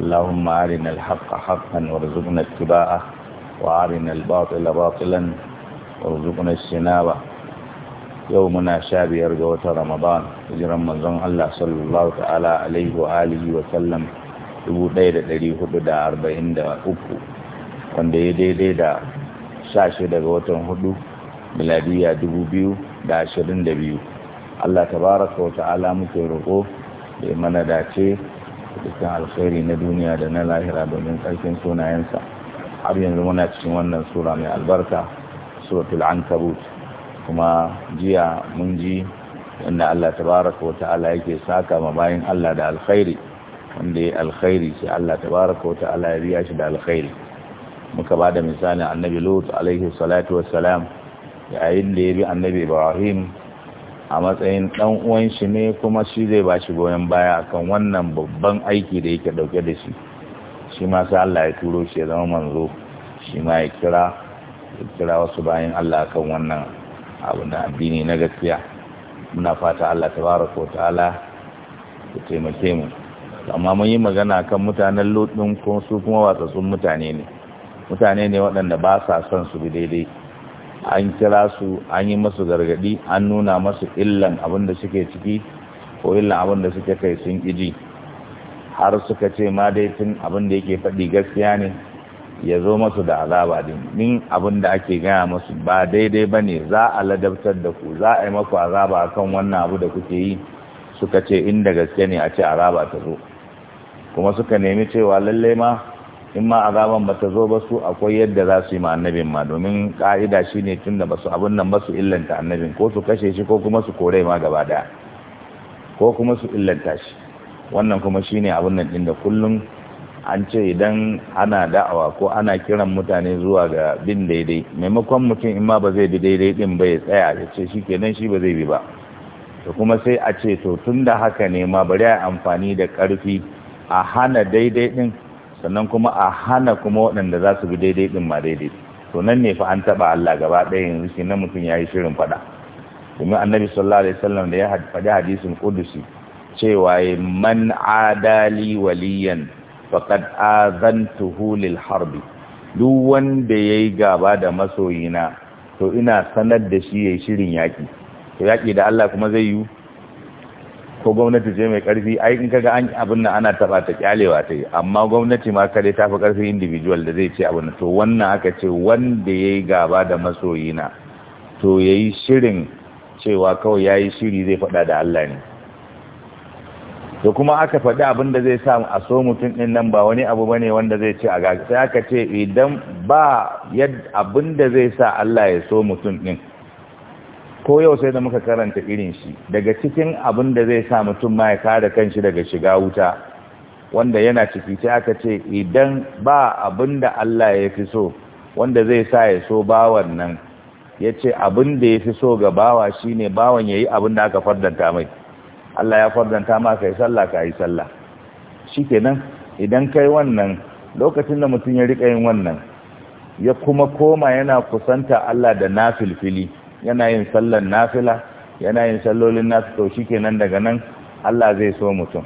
اللهم أرنا الحق حقا وارزقنا اتباعه وأرنا الباطل باطلا وارزقنا biyar يومنا شابير جوة رمضان hijiran manzon Allah sallallahu ta'ala alaihi wa alihi wa da 1443 wanda ya daidai da 16 daga watan ashirin miladiya biyu. Allah tabaraka wa ta'ala muke roƙo da mana dace cikin alkhairi na duniya da na lahira domin ƙarfin sunayensa har yanzu muna cikin wannan sura mai albarka suratul ankabut kuma jiya mun ji inda Allah tabaraka wa ta'ala yake saka ma bayan Allah da alkhairi wanda ya alkhairi sai Allah tabaraka wa ta'ala ya riya shi da alkhairi muka ba da misalin annabi lut alaihi salatu wassalam yayin da ya bi annabi ibrahim a matsayin dan uwan shi ne kuma shi zai ba shi goyon baya akan wannan babban aiki da yake dauke da shi shi ma sai Allah ya turo shi ya zama manzo shi ma ya kira ya kira wasu bayan Allah kan wannan abu na addini na gaskiya muna fata Allah tabaraka wa ta'ala ya taimake mu amma mun yi magana kan mutanen lotin din ko su kuma mutane ne mutane ne waɗanda ba sa son su bi daidai an kira su an yi masu gargadi an nuna masu illan abin da suke ciki ko illan abin da suke kai sun iji har suka ce ma dai tun abin da yake faɗi gaskiya ne ya zo masu da azaba din min abin da ake gaya masu ba daidai ba ne za a ladabtar da ku za a yi maku azaba kan wannan abu da kuke yi suka ce inda gaske ne a ce azaba ta zo kuma suka nemi cewa lallai ma in ma azaban ba ta zo ba su akwai yadda za su yi ma annabin ma domin ka'ida shi ne tun da ba su abin nan ba su illanta annabin ko su kashe shi ko kuma su kore ma gaba daya ko kuma su illanta shi wannan kuma shi ne abin nan da kullum an ce idan ana da'awa ko ana kiran mutane zuwa ga bin daidai maimakon mutum in ma ba zai bi daidai din ba ya tsaya ya ce shi kenan shi ba zai bi ba to kuma sai a ce to tun da haka ne ma bari a amfani da ƙarfi a hana daidai din sannan kuma a hana kuma waɗanda za su bi daidai ɗin ma daidai to nan ne fa an taɓa Allah gaba ɗaya yanzu shi nan mutum ya yi shirin faɗa domin annabi sallallahu alaihi wasallam da ya faɗi hadisin kudusi cewa man adali waliyan faqad azantuhu lil harbi duk wanda yayi gaba da masoyina to ina sanar da shi yayi shirin yaki to yaki da Allah kuma zai yi ko gwamnati ce mai karfi ai in kaga an abin nan ana taba ta kyalewa ta yi amma gwamnati ma kare ta fi karfi individual da zai ce abin to wannan aka ce wanda ya yi gaba da masoyina to ya yi shirin cewa kawai ya yi shiri zai faɗa da Allah ne to kuma aka faɗi abin da zai sa a so mutum ɗin nan ba wani abu bane ne wanda zai ce a gaga aka ce idan ba abin da zai sa Allah ya so mutum ɗin ko yau sai da muka karanta irin shi daga cikin abin da zai sa mutum ma ya kada kanshi daga shiga wuta wanda yana ciki sai aka ce idan ba abin da Allah ya fi so wanda zai sa ya so bawan nan ya ce abin da ya fi so ga bawa ne bawan ya yi abin da aka fardanta mai Allah ya fardanta ma ka yi sallah ka yi sallah shi kenan idan kai wannan lokacin da mutum ya riƙa yin wannan ya kuma koma yana kusanta Allah da na filfili yana yin sallar nafila yana yin sallolin nasu to kenan daga nan Allah zai so mutum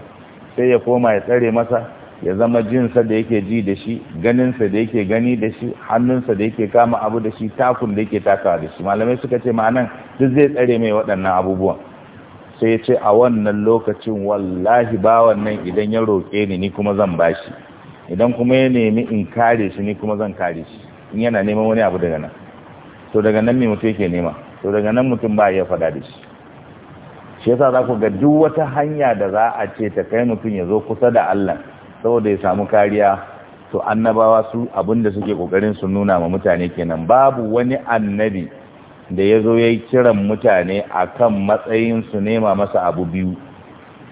sai ya koma ya tsare masa ya zama jinsa da yake ji da shi ganinsa da yake gani da shi hannunsa da yake kama abu da shi takun da yake takawa da shi malamai suka ce ma'anan duk zai tsare mai waɗannan abubuwan sai ya ce a wannan lokacin wallahi bawan nan idan ya roƙe ni ni kuma zan bashi idan kuma ya nemi in kare shi ni kuma zan kare shi in yana neman wani abu daga nan to daga nan mutum yake nema to daga nan mutum ba ya faɗa da shi shi yasa za ku ga duk wata hanya da za a ce ta kai mutum ya zo kusa da Allah saboda ya samu kariya to annabawa su abinda suke kokarin su nuna ma mutane kenan babu wani annabi da ya zo ya yi kiran mutane a kan su nema masa abu biyu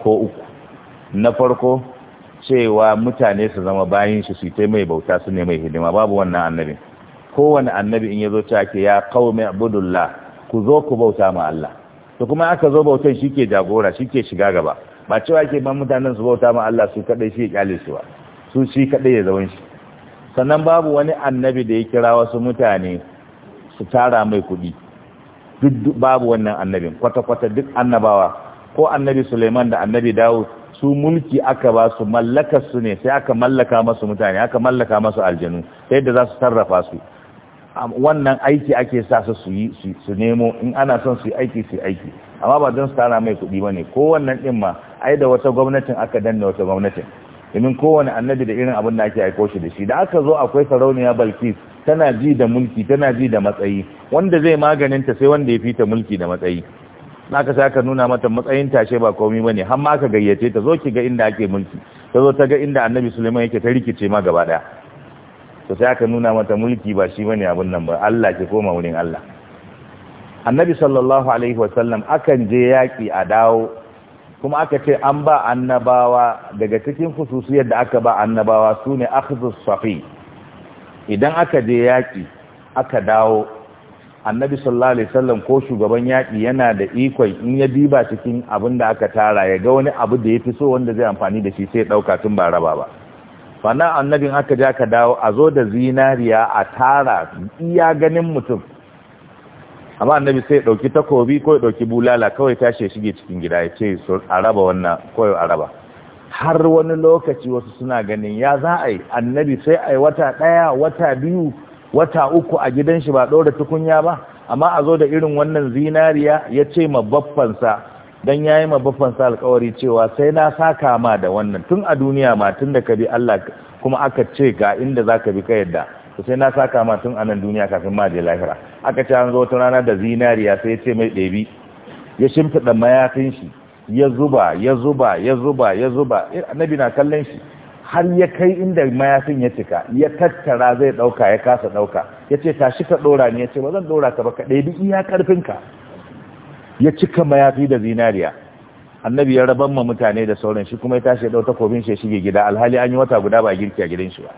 ko uku na farko cewa mutane su zama bayan shi su yi mai bauta su ne mai hidima babu wannan annabin kowane annabi in ya zo cewa ke ya qaumi ibudullah ku zo ku bauta ma Allah to kuma aka zo bautan ke jagora shi ke shiga gaba ba cewa ke ban mutanen su bauta ma Allah su kadai shi ƙyale su ba su shi kadai ya zaune shi sannan babu wani annabi da ya kira wasu mutane su tara mai kuɗi duk babu wannan annabin kwata-kwata duk annabawa ko annabi Suleiman da annabi Dawud su mulki aka ba su mallakar su ne sai aka mallaka masu mutane aka mallaka masu aljanu sai da za su sarrafa su wannan aiki ake sa su su yi su nemo in ana son su yi aiki su aiki amma ba don su tara mai kuɗi ba ne kowannan ɗin ma ai da wata gwamnatin aka danna wata gwamnatin domin kowane annabi da irin abin da ake aiko shi da shi da aka zo akwai sarauniya balkis tana ji da mulki tana ji da matsayi wanda zai maganin ta sai wanda ya fita mulki da matsayi na sa aka nuna mata matsayin tashe ba komai bane har ma aka gayyace ta zo ki ga inda ake mulki ta zo ta ga inda annabi Suleiman yake ta rikice ma gaba daya to sai aka nuna mata mulki ba shi bane abun nan ba Allah ke koma wurin Allah annabi sallallahu alaihi wasallam akan je yaki a dawo kuma aka ce an ba annabawa daga cikin khususiyar da aka ba annabawa sune akhdhus safi idan aka je yaki aka dawo annabi sallallahu alaihi wasallam ko shugaban yaki yana da ikon in ya diba cikin abin da aka tara ya ga wani abu da ya fi so wanda zai amfani da shi sai dauka tun ba raba ba fana annabin aka ja ka dawo a zo da zinariya a tara iya ganin mutum amma annabi sai dauki takobi ko ya dauki bulala kawai tashi ya shige cikin gida ya ce a raba wannan ko a raba har wani lokaci wasu suna ganin ya za a yi annabi sai a yi wata ɗaya wata biyu wata uku a gidan shi ba ɗora tukunya ba amma a zo da irin wannan zinariya ya ce ma baffansa dan yayi ma baffan sa alƙawari cewa sai na saka ma da wannan tun a duniya ma tun da ka bi Allah kuma aka ce ga inda zaka bi ka yadda sai na saka ma tun anan duniya kafin ma je lahira aka ce an zo ta rana da zinariya sai ya ce mai ɗebi ya shimfiɗa mayafin shi ya zuba ya zuba ya zuba ya zuba eh, annabi na kallon shi har ya kai inda mayafin ya cika ya tattara zai ɗauka ya kasa ɗauka ya ce tashi ka ɗora ne ya ce ba zan dora ka ba ka ɗebi iya ƙarfinka. ya cika mayafi da zinariya annabi ya rabar ma mutane da sauran shi kuma ya tashi ya dauta kofin shi ya shige gida alhali an yi wata guda ba girki a gidan shi ba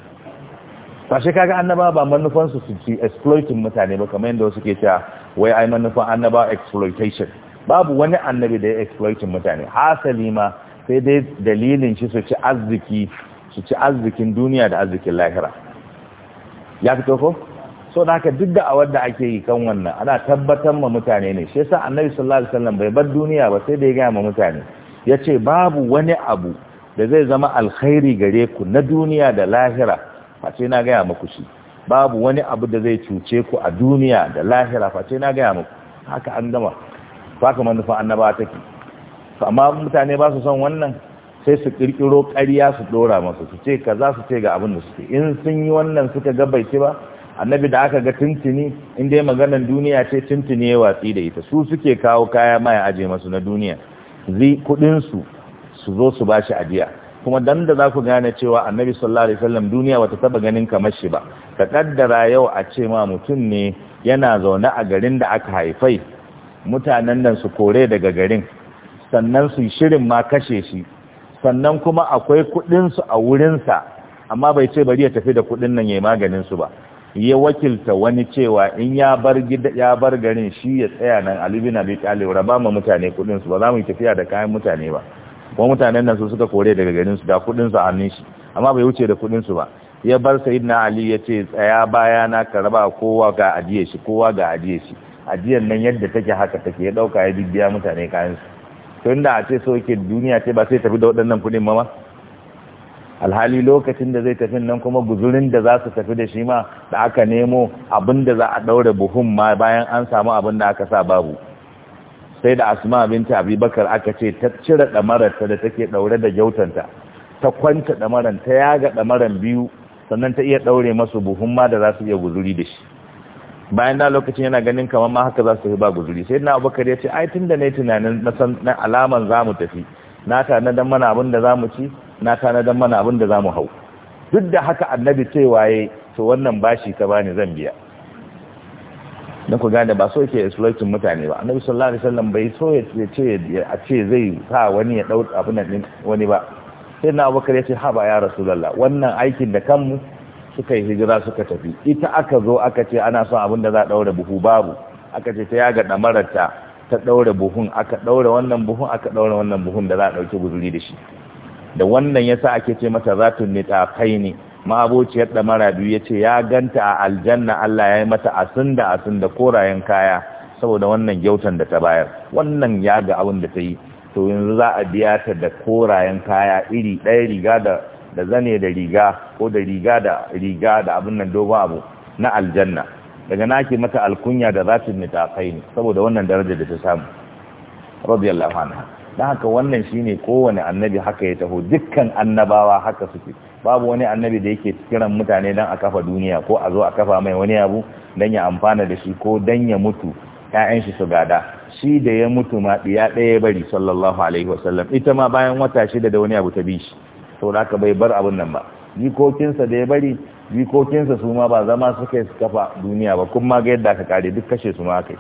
ba shi kaga annaba ba manufan su su ci exploiting mutane ba kamar yadda wasu ke cewa wai ai manufan annaba exploitation babu wani annabi da ya exploiting mutane hasali ma sai dai dalilin shi su ci arziki su ci arzikin duniya da arzikin lahira ya fito ko so da haka duk a da ake yi kan wannan ana tabbatar ma mutane ne shi yasa annabi sallallahu alaihi wasallam bai bar duniya ba sai da ya gaya ma mutane yace babu wani abu da zai zama alkhairi gare ku na duniya da lahira face na gaya muku shi babu wani abu da zai cuce ku a duniya da lahira face na gaya muku haka an gama haka manufa annaba take to amma mutane ba su son wannan sai su kirkiro ƙarya su dora masa su ce kaza su ce ga abin da suke in sun yi wannan suka ga ba annabi da aka ga tuntuni in dai maganar duniya ce tuntuni ya watsi da ita su suke kawo kaya ya aje masu na duniya zai kudinsu su zo su ba shi ajiya kuma dan da za ku gane cewa annabi sallallahu alaihi wasallam duniya wata taba ganin kamar shi ba ka kaddara yau a ce ma mutum ne yana zaune a garin da aka haifai mutanen nan su kore daga garin sannan su shirin ma kashe shi sannan kuma akwai kudin a wurinsa amma bai ce bari ya tafi da kudin nan yayi maganin su ba ya wakilta wani cewa in ya bar gida ya bar garin shi ya tsaya nan Ali bin Abi Talib raba ma mutane kudin ba za mu yi tafiya da kayan mutane ba kuma mutanen nan su suka kore daga garin su da kudin su a hannun shi amma bai wuce da kudin su ba ya bar sayyidina Ali ya ce tsaya baya na ka raba kowa ga ajiye shi kowa ga ajiye shi ajiyar nan yadda take haka take ya dauka ya bibiya mutane kayan su tun da a ce soke duniya ce ba sai tafi da waɗannan kudin ma alhali lokacin da zai tafi nan kuma guzurin da za su tafi da shi ma da aka nemo abin da za a ɗaura buhun ma bayan an samu abin da aka sa babu sai da asma binta bakar aka ce ta cire ɗamararta da take ɗaure da gyautanta ta kwanta ɗamaran ta yaga ɗamaran biyu sannan ta iya ɗaure masu buhun ma da za su iya guzuri da shi bayan da lokacin yana ganin kamar ma haka za su ba guzuri sai na abubakar ya ce ai tun da na yi tunanin na alaman za mu tafi na tanadan mana abin da za mu ci na tanadan mana abin da za mu hau duk da haka annabi cewa waye to wannan bashi ka bani zan biya dan ku gane ba so yake exploitin mutane ba annabi sallallahu alaihi wasallam bai so ya ce a ce zai sa wani ya dau abin nan wani ba sai na abubakar ya ce ha ba ya rasulullah wannan aikin da kanmu suka yi hijira suka tafi ita aka zo aka ce ana son abin da za a daura buhu babu aka ce ta yaga damararta ta ɗaure buhun aka ɗaure wannan buhun aka ɗaure wannan buhun da za a ɗauki guzuri da shi da wannan yasa ake ce mata zatun kai ne ma'abociyar da mara biyu ya ce ya ganta a aljanna Allah ya yi mata asin da asin da korayen kaya saboda wannan gyautan da ta bayar wannan ya ga abin da ta yi to yanzu za a biya ta da korayen kaya iri ɗaya riga da da zane da riga ko da riga da riga da abin nan dogon abu na aljanna daga nake mata alkunya da zatin nitaqain saboda wannan darajar da ta samu radiyallahu anha dan haka wannan shine kowanne annabi haka ya taho dukkan annabawa haka suke babu wani annabi da yake kiran mutane dan a kafa duniya ko a zo a kafa mai wani abu dan ya amfana da shi ko dan ya mutu ƴaƴan shi su gada shi da ya mutu ma biya ɗaya bari sallallahu alaihi wasallam ita ma bayan wata shida da wani abu ta bi shi saboda haka bai bar abun nan ba jikokinsa da ya bari jikokinsa su ma ba zama suka yi kafa duniya ba kuma ga yadda aka kare duk kashe su ma aka yi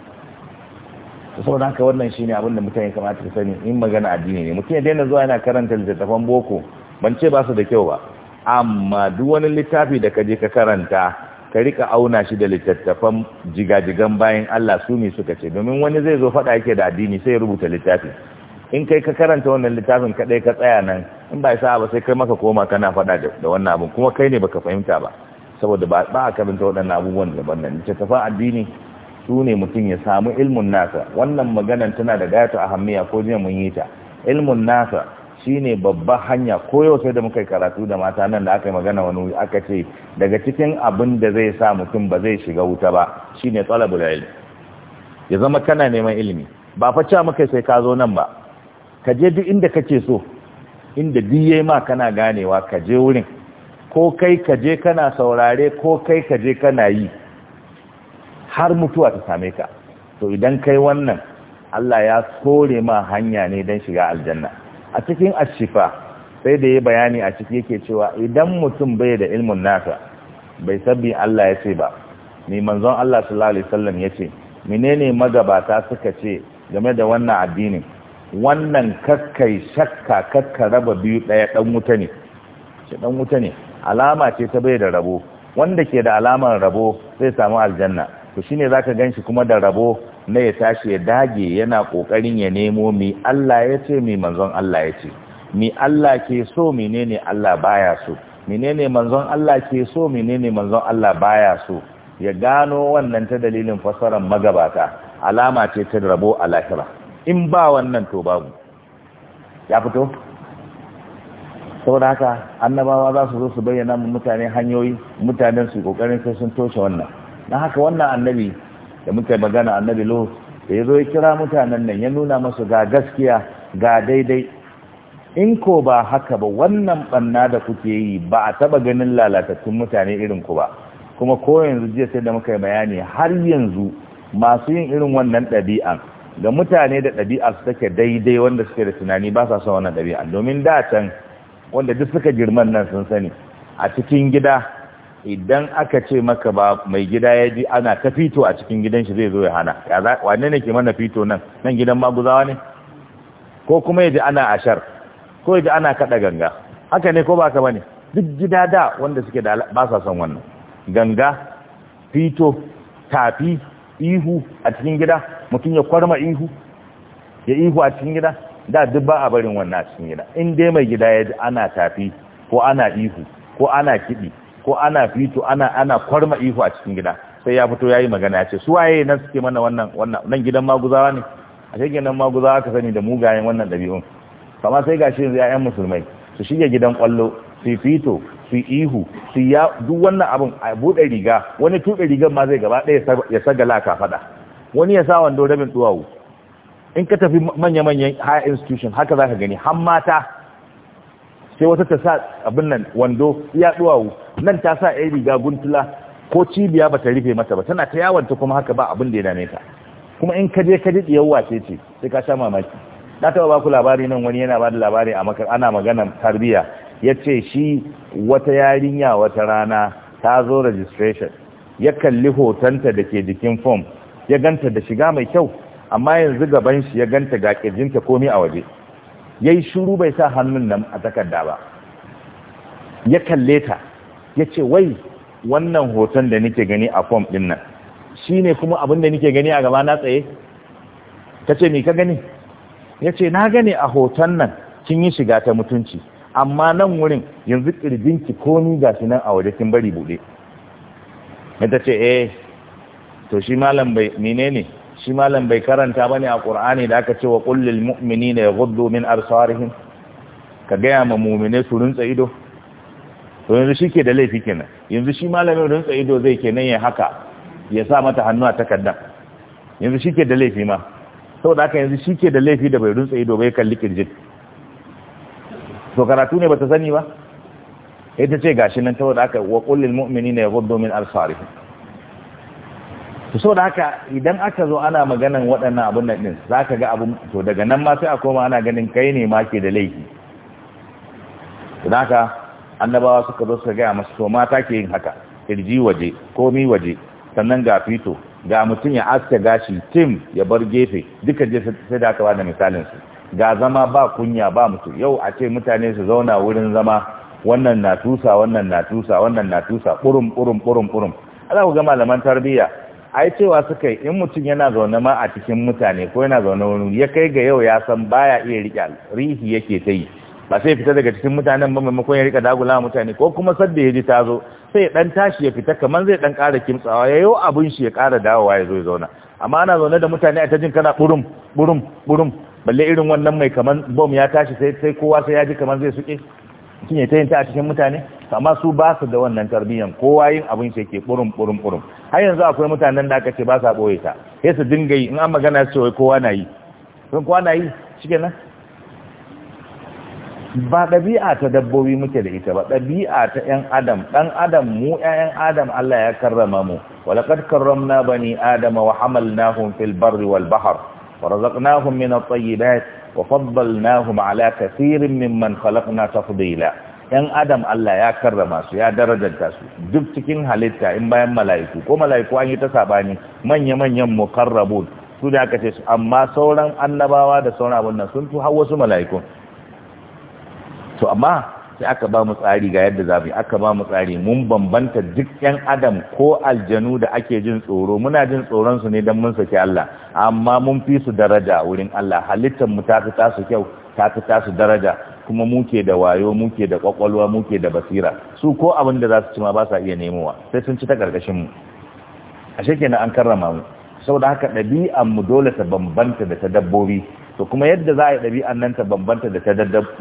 saboda haka wannan shine abin da mutane kamata su sani in magana addini ne mutum ya daina zuwa yana karanta littattafan boko ban ce ba su da kyau ba amma duk wani littafi da ka je ka karanta ka rika auna shi da littattafan jigajigan bayan Allah su ne suka ce domin wani zai zo faɗa yake da addini sai ya rubuta littafi in kai ka karanta wannan littafin kaɗai ka tsaya nan in ba sa ba sai kai maka koma kana faɗa da wannan abun kuma kai ne baka fahimta ba saboda ba a karanta waɗannan abubuwan ban nan tafa addini su ne mutum ya samu ilmun nasa wannan maganan tana da gata a hammiya ko jiya mun yi ta ilmun nasa shine babban hanya ko yau sai da muka karatu da mata nan da aka yi magana wani aka ce daga cikin abin da zai sa mutum ba zai shiga wuta ba shine talabul ilmi ya zama kana neman ilimi ba fa cewa muka sai ka zo nan ba ka je duk inda kake so inda duk ma kana ganewa ka je wurin ko kai ka je kana saurare ko kai ka je kana yi har mutuwa ta same ka to idan kai wannan Allah ya kore ma hanya ne don shiga aljanna a cikin ashifa sai da ya bayani a ciki yake cewa idan mutum bai da ilmin nasa bai sabbi Allah ya ce ba ni manzon Allah sallallahu alaihi wasallam ya menene magabata suka ce game da wannan addinin wannan kakkai shakka kakka raba biyu ɗaya ɗan wuta ne shi ɗan wuta ne alama ce ta bai da rabo wanda ke da alamar rabo zai samu aljanna to shine zaka ganshi kuma da rabo na ya tashi ya dage yana kokarin ya nemo mi Allah ya ce mi manzon Allah ya ce mi Allah ke so menene Allah baya so menene manzon Allah ke so menene manzon Allah baya so ya gano wannan ta dalilin fasaran magabata alama ce ta rabo a lahira in ba wannan to babu ya fito da haka annabawa za su zo su bayyana mu mutane hanyoyi mutanen su kokarin sai sun toshe wannan na haka wannan annabi da muka magana annabi lo da ya zo ya kira mutanen nan ya nuna masu ga gaskiya ga daidai in ko ba haka ba wannan banna da kuke yi ba a taba ganin lalatattun mutane irin ku ba kuma ko yanzu jiya sai da muka yi bayani har yanzu masu yin irin wannan ɗabi'an ga mutane da ɗabi'a su daidai wanda suke da tunani ba sa son wannan ɗabi'a domin da can wanda duk suka girman nan sun sani a cikin gida idan aka ce maka ba mai gida ya ji ana ta fito a cikin gidan shi zai zo ya hana wane ne ke mana fito nan nan gidan maguzawa ne ko kuma ya ana ashar ko ya ana kaɗa ganga haka ne ko ba ka bane duk gida da wanda suke da ba sa son wannan ganga fito tafi ihu a cikin gida mutum ya kwarma ihu ya ihu a cikin gida da duk ba a barin wannan a cikin gida in dai mai gida ya ji ana tafi ko ana ihu ko ana kiɗi ko ana fito ana ana kwarma ihu a cikin gida sai ya fito yayi magana ya ce su waye nan suke mana wannan wannan nan gidan maguzawa ne a cikin gidan maguzawa ka sani da mugayen wannan ɗabi'un kama sai gashi yanzu yayan musulmai su shige gidan kwallo su fito su ihu su ya duk wannan abin a buɗe riga wani tuɓe rigar ma zai gaba ɗaya ya sagala ka faɗa wani ya sa wando rabin duwawu in ka tafi manya-manyan higher institution haka za ka gani har mata sai wata ta sa abin nan wando ya duwawu nan ta sa ya riga guntula ko cibiya ba ta rufe mata ba tana ta yawanta kuma haka ba abin da ya dame ta kuma in ka je ka ji yawa ce ce sai ka sha mamaki na taɓa ba ku labari nan wani yana ba da labari a makar ana maganar tarbiyya ya ce shi wata yarinya wata rana ta zo registration ya kalli hotonta da ke jikin form ya ganta da shiga mai kyau amma yanzu gaban shi ya ganta ga kirjinta komai a waje yayi shiru bai sa hannun nan a takarda ba ya kalle ta ya ce wai wannan hoton da nake gani a fom ɗin nan shi ne kuma abin da nake gani a gaba na tsaye ta ce me ka gani ya ce na gani a hoton nan kin yi shiga ta mutunci amma nan wurin yanzu ƙirjinki komi ga shi nan a waje kin bari buɗe ya ce eh to shi malam bai menene shi malam bai karanta bane a qur'ani da aka ce wa qul lil mu'minina yaghuddu min absarihim ka gaya ma mu'mine su runtsa ido to yanzu shi ke da laifi kenan yanzu shi malamin runtsa ido zai kenan ya haka ya sa mata hannu a takaddan yanzu shi ke da laifi ma saboda haka yanzu shi ke da laifi da bai runtsa ido bai kalli kirjin to karatu ne bata sani ba ita ce gashi nan saboda haka wa qul lil mu'minina yaghuddu min absarihim to so da haka idan aka zo ana maganan waɗannan abun nan din zaka ga abun to daga nan ma sai a koma ana ganin kai ne ma ke da laifi don haka annabawa suka zo suka gaya masu to mata ke yin haka kirji waje komi waje sannan ga fito ga mutum ya aske gashi tim ya bar gefe duka je sai da aka bada misalin su ga zama ba kunya ba mutum yau a ce mutane su zauna wurin zama wannan na tusa wannan na tusa wannan na tusa kurum kurum kurum kurum ala ku ga malaman tarbiyya ai cewa suka yi in mutum yana zaune ma a cikin mutane ko yana zaune wani ya kai ga yau ya san baya iya riƙe rihi yake ta yi ba sai fita daga cikin mutanen ba maimakon ya rika dagula mutane ko kuma sadda ya ji ta zo sai dan tashi ya fita kamar zai dan ƙara kimtsawa ya yau abin shi ya ƙara dawowa ya zo ya zauna amma ana zaune da mutane a ta kana burum burum burum balle irin wannan mai kamar bom ya tashi sai sai kowa sai ya ji kamar zai suke mutum ta tayin ta a cikin mutane amma su ba su da wannan tarbiyyan kowa yin abin ce yake burum burum burum har yanzu akwai mutanen da aka ce ba sa boye ta sai su dinga yi in an magana su wai kowa na yi sun kowa na yi shikenan ba ɗabi'a ta dabbobi muke da ita ba ɗabi'a ta yan adam ɗan adam mu ya'yan adam Allah ya karrama mu laqad karramna bani adama wa hamalnahum fil barri wal bahr wa razaqnahum min وفضلناهم على كثير ممن خلقنا تفضيلا yan adam Allah ya karrama su ya darajanta su duk cikin halitta in bayan mala'iku ko mala'iku an yi ta sabani manya-manyan mukarrabun su da aka su amma sauran annabawa da sauran abun nan sun tu har wasu mala'ikun to amma sai aka ba mu tsari ga yadda za mu yi aka ba mu tsari mun bambanta duk yan adam ko aljanu da ake jin tsoro muna jin tsoron su ne don mun saki Allah amma mun fi su daraja wurin Allah halittar mu ta fi tasu kyau ta fi tasu daraja kuma muke da wayo muke da kwakwalwa muke da basira su ko abin da za su ci ma ba sa iya nemowa sai sun ci ta karkashin mu ashe na an karrama mu saboda haka ɗabi'an mu dole ta bambanta da ta dabbobi to kuma yadda za a yi ɗabi'an nan ta bambanta da ta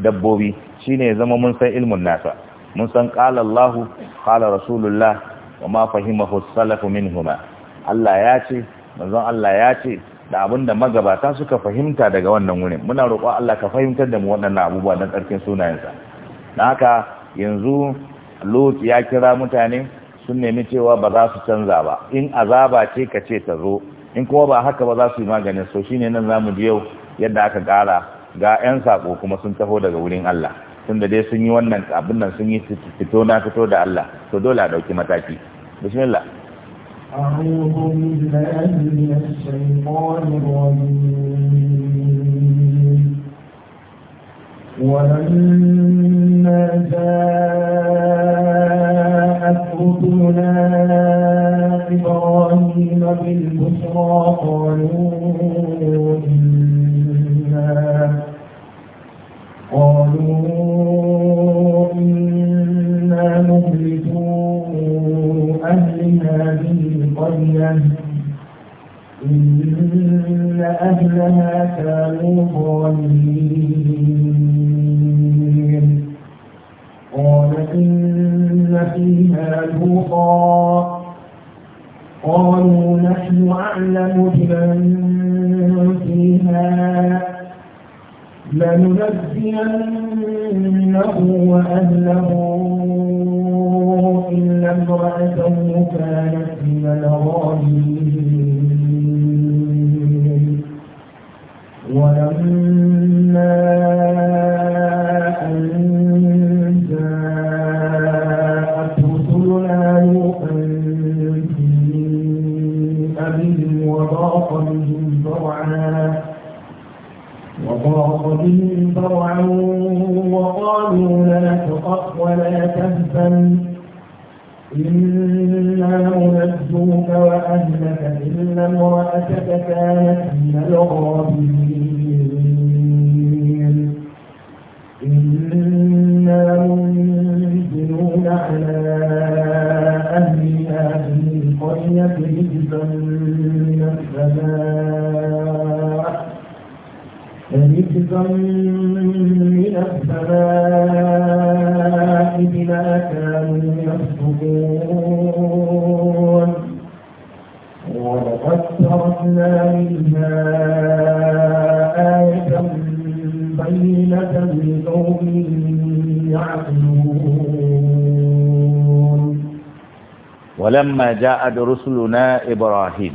dabbobi shine ya zama mun san ilmun nasa mun san qala Allah qala rasulullah wa ma fahimahu salafu minhuma Allah ya ce manzon Allah ya ce da abinda magabata suka fahimta daga wannan wurin muna roƙon Allah ka fahimtar da mu waɗannan abubuwa na ƙarfin sunayensa na haka yanzu Lut ya kira mutane sun nemi cewa ba za su canza ba in azaba ce ka ce ta zo in kuma ba haka ba za su yi maganin so shine nan zamu ji yau yadda aka kara ga 'yan sako kuma sun taho daga wurin Allah tunda dai sun yi wannan abin nan sun yi fito na fito da Allah to dole a dauki mataki bismillah ولما جاءت رسلنا إبراهيم بالبشرى قالوا إنا قالوا إنا مهلكوا أهل هذه القرية إن أهلها كانوا ظالمين قال إن فيها لوطا قالوا نحن أعلم بمن فيها لننبئ لنجزينه وأهله lamma ja'ad rusuluna ibrahim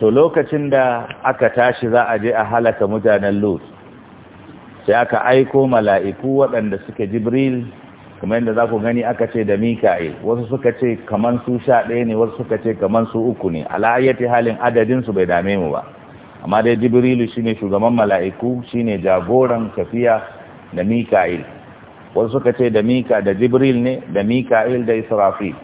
to lokacin da aka tashi za a je a halaka mutanen lut sai aka aiko mala'iku waɗanda suke jibril kuma yadda za ku gani aka ce da Mika’i, wasu suka ce kaman su sha ɗaya ne wasu suka ce kaman su uku ne ala'ayyati halin adadinsu bai dame mu ba amma dai jibrilu shine shugaban mala'iku shine jagoran tafiya da mika'il wasu suka ce da mika da jibril ne da mika'il da israfil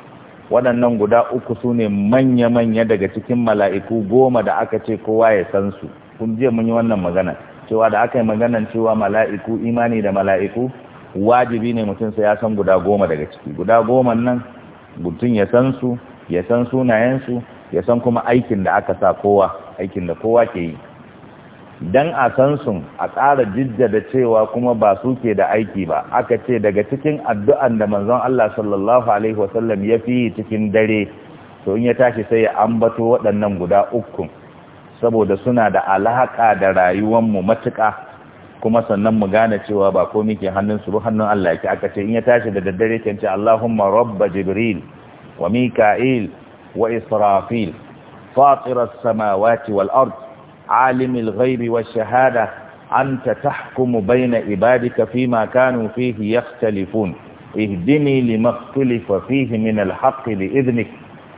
waɗannan guda uku su ne manya-manya daga cikin mala'iku goma da aka ce kowa ya san su kun je mun yi wannan magana cewa da aka yi maganan cewa mala'iku imani da mala'iku wajibi ne mutum sai ya san guda goma daga ciki guda goma nan mutum ya san su ya san sunayensu ya san kuma aikin da aka sa kowa aikin da kowa ke yi dan a san sun a ƙara da cewa kuma ba su ke da aiki ba aka ce daga cikin addu'an da manzon Allah sallallahu alaihi wasallam ya fi cikin dare to in ya tashi sai ya ambato waɗannan guda uku saboda suna da alaƙa da rayuwar mu matuƙa kuma sannan mu gane cewa ba ko ke hannunsu su ba hannun Allah yake aka ce in ya tashi da daddare kan ce Allahumma rabba jibril wa mika'il wa israfil fatir as-samawati wal ardh عالم الغيب والشهادة أنت تحكم بين عبادك فيما كانوا فيه يختلفون اهدني لما اختلف فيه من الحق بإذنك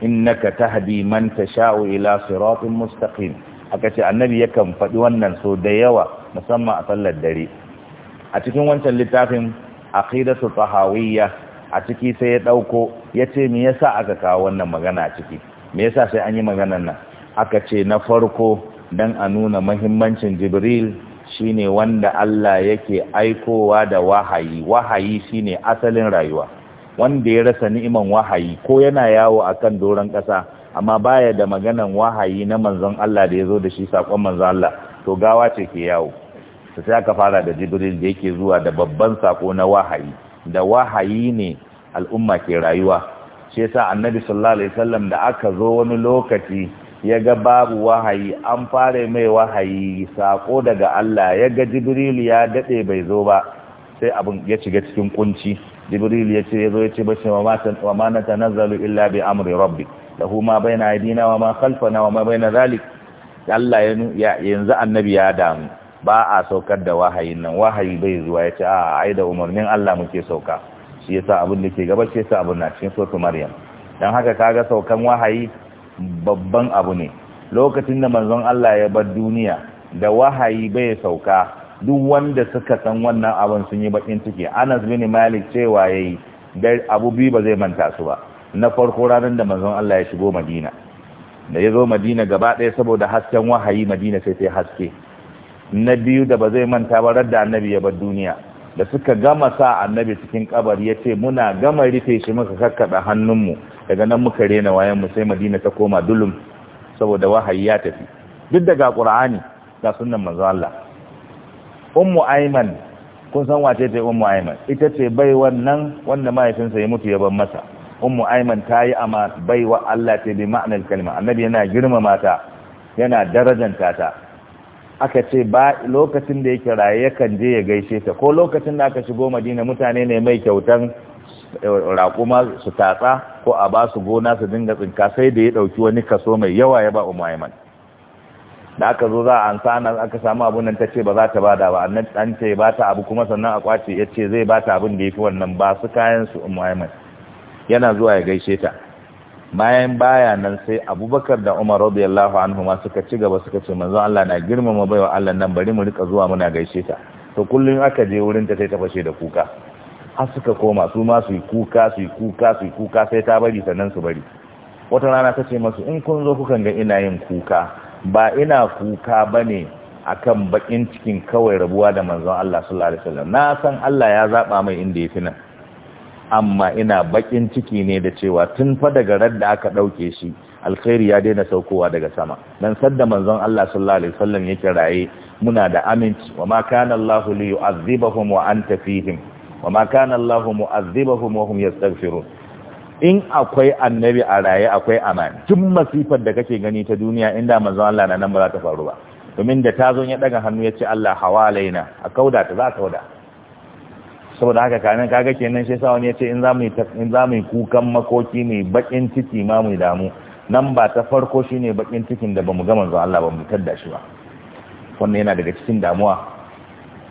إنك تهدي من تشاء إلى صراط مستقيم أن النبي يكم فأيوانا سوديوة مسمى أطل الدري أتكون وانت اللي تافهم عقيدة طهاوية أتكي سيد أوكو يتي ميسا أكتاوانا مغانا أتكي ميسا سيعني مغانا أكتع نفركو don a nuna mahimmancin jibril shine wanda Allah yake aikowa da wahayi wahayi shine asalin rayuwa wanda ya rasa ni'iman wahayi ko yana yawo akan doron ƙasa amma baya da maganan wahayi na manzon Allah da yazo da shi sakon manzon Allah to gawa ce ke yawo to sai aka fara da Jibril da yake zuwa da babban sako na wahayi da wahayi ne al'umma ke rayuwa shi yasa Annabi sallallahu alaihi wasallam da aka zo wani lokaci ya ga babu wahayi an fara mai wahayi sako daga Allah ya ga jibril ya daɗe bai zo ba sai abin ya shiga cikin kunci jibril ya ce ya zo ya ce bashi wa ma natanazzalu illa bi amri rabbi lahu ma baina aydina wa ma khalfana wa ma na zalik Allah yanzu annabi ya damu ba a saukar da wahayin nan wahayi bai zuwa ya ce a ai da umarnin Allah muke sauka shi yasa abin da ke gaba shi yasa abin na cikin sotu maryam dan haka kaga saukan wahayi babban abu ne lokacin da manzon Allah ya bar duniya da wahayi bai sauka duk wanda suka san wannan abin sun yi bakin ciki Anas bin Malik cewa yayi dai abu bi ba zai manta su ba na farko ranar da manzon Allah ya shigo Madina da ya zo Madina gaba ɗaya saboda hasken wahayi Madina sai ta haske na biyu da ba zai manta ba radda annabi ya bar duniya da suka gama sa annabi cikin kabari ya ce muna gama rufe shi muka kakkada hannunmu daga nan muka rena wayan mu sai madina ta koma dulum saboda wahayi ya tafi duk daga qur'ani ga sunnan manzo Allah ummu ayman kun san wace ce ummu ayman ita ce bai wannan wanda mahaifinsa ya mutu ya bar masa ummu ayman ta yi ama bai wa Allah ce bi ma'anar kalma annabi yana girmama ta yana darajanta ta aka ce ba lokacin da yake raye yakan je ya gaishe ta ko lokacin da aka shigo madina mutane ne mai kyautan eh, raƙuma su tatsa ko a ba gona su dinga tsinka sai da ya dauki wani kaso mai yawa ya ba umayman da aka zo za a ansana aka samu abun nan ta ce ba za ta bada ba annan an ce ba ta abu kuma sannan a kwace ya ce zai ba ta abin da ya fi wannan ba su kayan su umayman yana zuwa ya gaishe ta bayan baya nan sai abubakar da umar radiyallahu anhu ma suka ci gaba suka ce manzo Allah na girmama baiwa Allah nan bari mu rika zuwa muna gaishe ta to kullun aka je wurin ta sai ta fashe da kuka har suka koma su ma su yi kuka su yi kuka su yi kuka sai ta bari sannan su bari wata rana ta ce masu in kun zo kukan ga ina yin kuka ba ina kuka ba ne akan bakin cikin kawai rabuwa da manzon Allah su lalata da na san Allah ya zaɓa mai inda ya fi nan amma ina bakin ciki ne da cewa tun fa daga da aka ɗauke shi alkhairi ya daina saukowa daga sama don sadda manzon Allah sallallahu alaihi wasallam yake raye muna da aminci wa ma kana Allah li yu'azzibahum wa anta fihim wa ma kana Allah mu'azzibahum wa hum yastaghfirun in akwai annabi a raye akwai amana tun masifar da kake gani ta duniya inda manzon Allah na nan ba za ta faru ba domin da ta zo ya daga hannu ya ce Allah hawalaina a kauda ta za kauda saboda haka kanin kaga kenan shi yasa wani ya ce in zamu in zamu kukan makoki ne bakin ciki ma mu damu nan ba ta farko shine bakin cikin da bamu ga manzon Allah ba mu tadda shi ba wannan yana daga cikin damuwa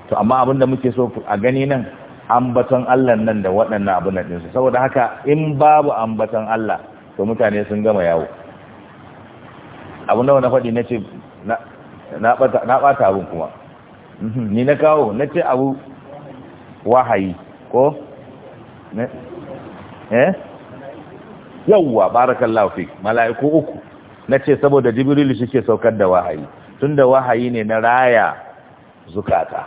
to amma abinda muke so a gani nan ambaton Allah nan da waɗannan abin nan dinsu saboda haka in babu ambaton Allah to mutane sun gama yawo abin da wani faɗi na ce na ɓata abin kuma mhm, ni na kawo na ce abu wahayi ko? eh? yawwa barakan lafi mala'iku uku na ce saboda jibirilu shi ke saukar da wahayi tun da wahayi ne na raya zukata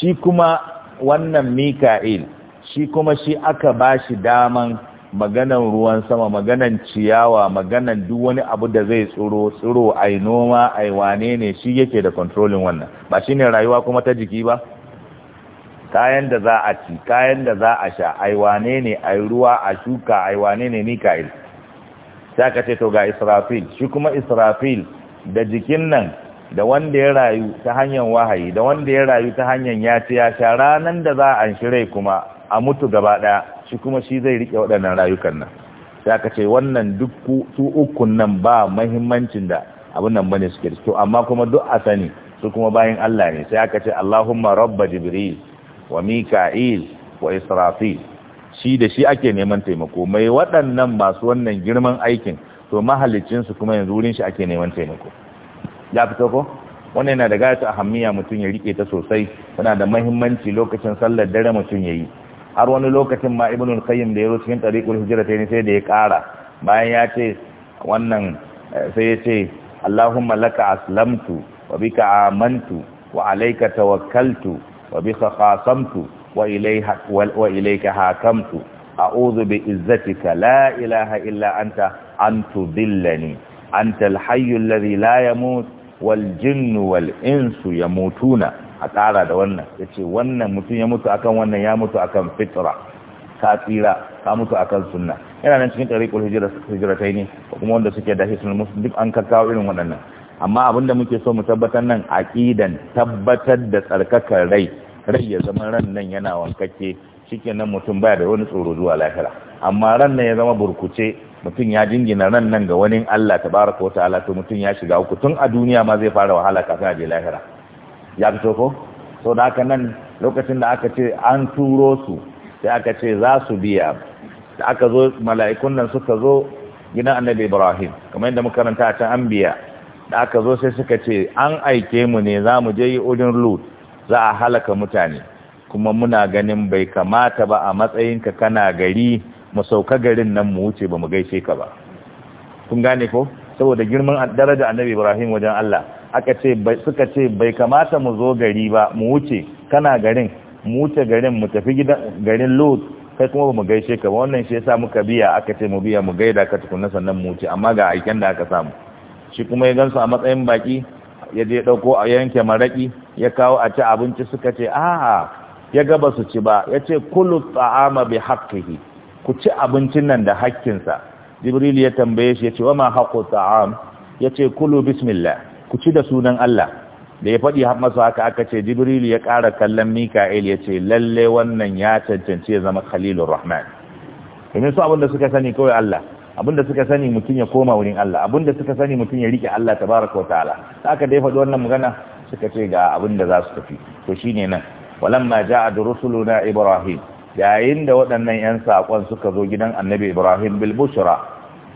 shi kuma wannan mika'il shi kuma shi aka ba shi daman maganan ruwan sama maganan ciyawa maganan duk wani abu da zai tsiro tsiro ai noma ai wane ne shi yake da kontrolin wannan ba shine rayuwa kuma ta jiki ba kayan da za a ci kayan da za a sha yi wane ne ai ruwa a shuka yi wane ne mika'il sai ka ga israfil shi kuma israfil da jikin nan da wanda ya rayu ta hanyar wahayi da wanda ya rayu ta hanyar ya ya sha ranan da za a an shirai kuma a mutu gaba daya shi kuma shi zai rike waɗannan rayukan nan sai aka ce wannan duk su uku nan ba mahimmancin da abin nan bane suke to amma kuma duk a sani su kuma bayan Allah ne sai aka ce Allahumma rabba jibril wa mika'il wa israfil shi da shi ake neman taimako mai waɗannan masu wannan girman aikin to mahalicin su kuma yanzu wurin shi ake neman taimako ya fito ko wannan yana da gata ahammiya mutum ya rike ta sosai tana da mahimmanci lokacin sallar dare mutum yayi har wani lokacin ma ibn al-qayyim da yaro cikin tariqul ne sai da ya kara bayan ya ce wannan eh, sai ya ce Allahumma laka aslamtu wa bika amantu wa alayka tawakkaltu wa bika khasamtu wa ilayka wa ilayka hakamtu a'udhu bi izzatika la ilaha illa anta an tudillani anta al-hayyu alladhi la yamut wal jinnu wal insu yamutuna a ƙara da wannan yace wannan mutum ya mutu akan wannan ya mutu akan fitra ka tsira ka mutu akan sunna yana nan cikin tariqul hijra hijratai ne kuma wanda suke da hisul muslim duk an kakkawo irin waɗannan amma da muke so mu tabbatar nan aqidan tabbatar da tsarkakar rai rai ya zama ran nan yana wankakke shikenan mutum baya da wani tsoro zuwa lahira amma ran nan ya zama burkuce mutum ya jingina ran nan ga wani Allah tabaraka ko ta'ala to mutum ya shiga uku tun a duniya ma zai fara wahala kafin a je lahira ya fito ko so da aka nan lokacin da aka ce an turo su sai aka ce za su biya da aka zo mala'ikun nan suka zo gidan annabi Ibrahim kamar yadda muka karanta a can an biya da aka zo sai suka ce an aike mu ne za mu je yi odin Lut za a halaka mutane kuma muna ganin bai kamata ba a matsayinka kana gari mu sauka garin nan mu wuce ba mu gaishe ka ba kun gane ko saboda girman daraja annabi ibrahim wajen allah aka ce suka ce bai kamata mu zo gari ba mu wuce kana garin mu wuce garin mu tafi gidan garin lot kai kuma ba mu gaishe ka ba wannan shi yasa muka biya aka ce mu biya mu gaida ka tukunna sannan mu wuce amma ga aiken da aka samu shi kuma ya gansu a matsayin baki ya je dauko a yanke maraki ya kawo a ci abinci suka ce a'a ya ga ba su ci ba ya ce kullu ta'ama bi haqqihi ku ci abincin nan da hakkinsa jibril ya tambaye shi ya ce wa ma haqqu ta'am ya ce kulu bismillah ku ci da sunan Allah da ya faɗi masa haka aka ce jibril ya ƙara kallon mika'il ya ce lalle wannan ya cancanci ya zama khalilur rahman domin su abinda suka sani kawai Allah abinda suka sani mutum ya koma wurin Allah abinda suka sani mutum ya rike Allah tabaraka wa ta'ala aka dai faɗi wannan magana suka ce ga abinda za su tafi to shine nan walamma ja'a rusuluna ibrahim yayin da waɗannan 'yan saƙon suka zo gidan annabi ibrahim Bilbushra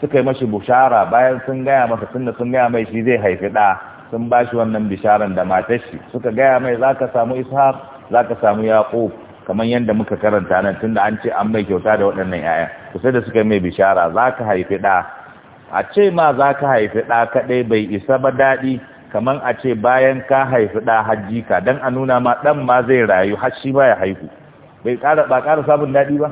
suka yi mashi bushara bayan sun gaya masa da sun gaya mai shi zai haifi ɗa sun ba shi wannan bisharan da matar shi suka gaya mai za ka samu ishaq za ka samu yaƙo kamar yadda muka karanta nan tunda an ce an mai kyauta da waɗannan 'ya'yan kusa da suka yi mai bishara za ka haifi ɗa a ce ma za ka haifi ɗa kaɗai bai isa ba daɗi kamar a ce bayan ka haifi ɗa hajjika don a nuna ma ɗan ma zai rayu har shi ba ya haihu bai ƙara ba ƙara sabon daɗi ba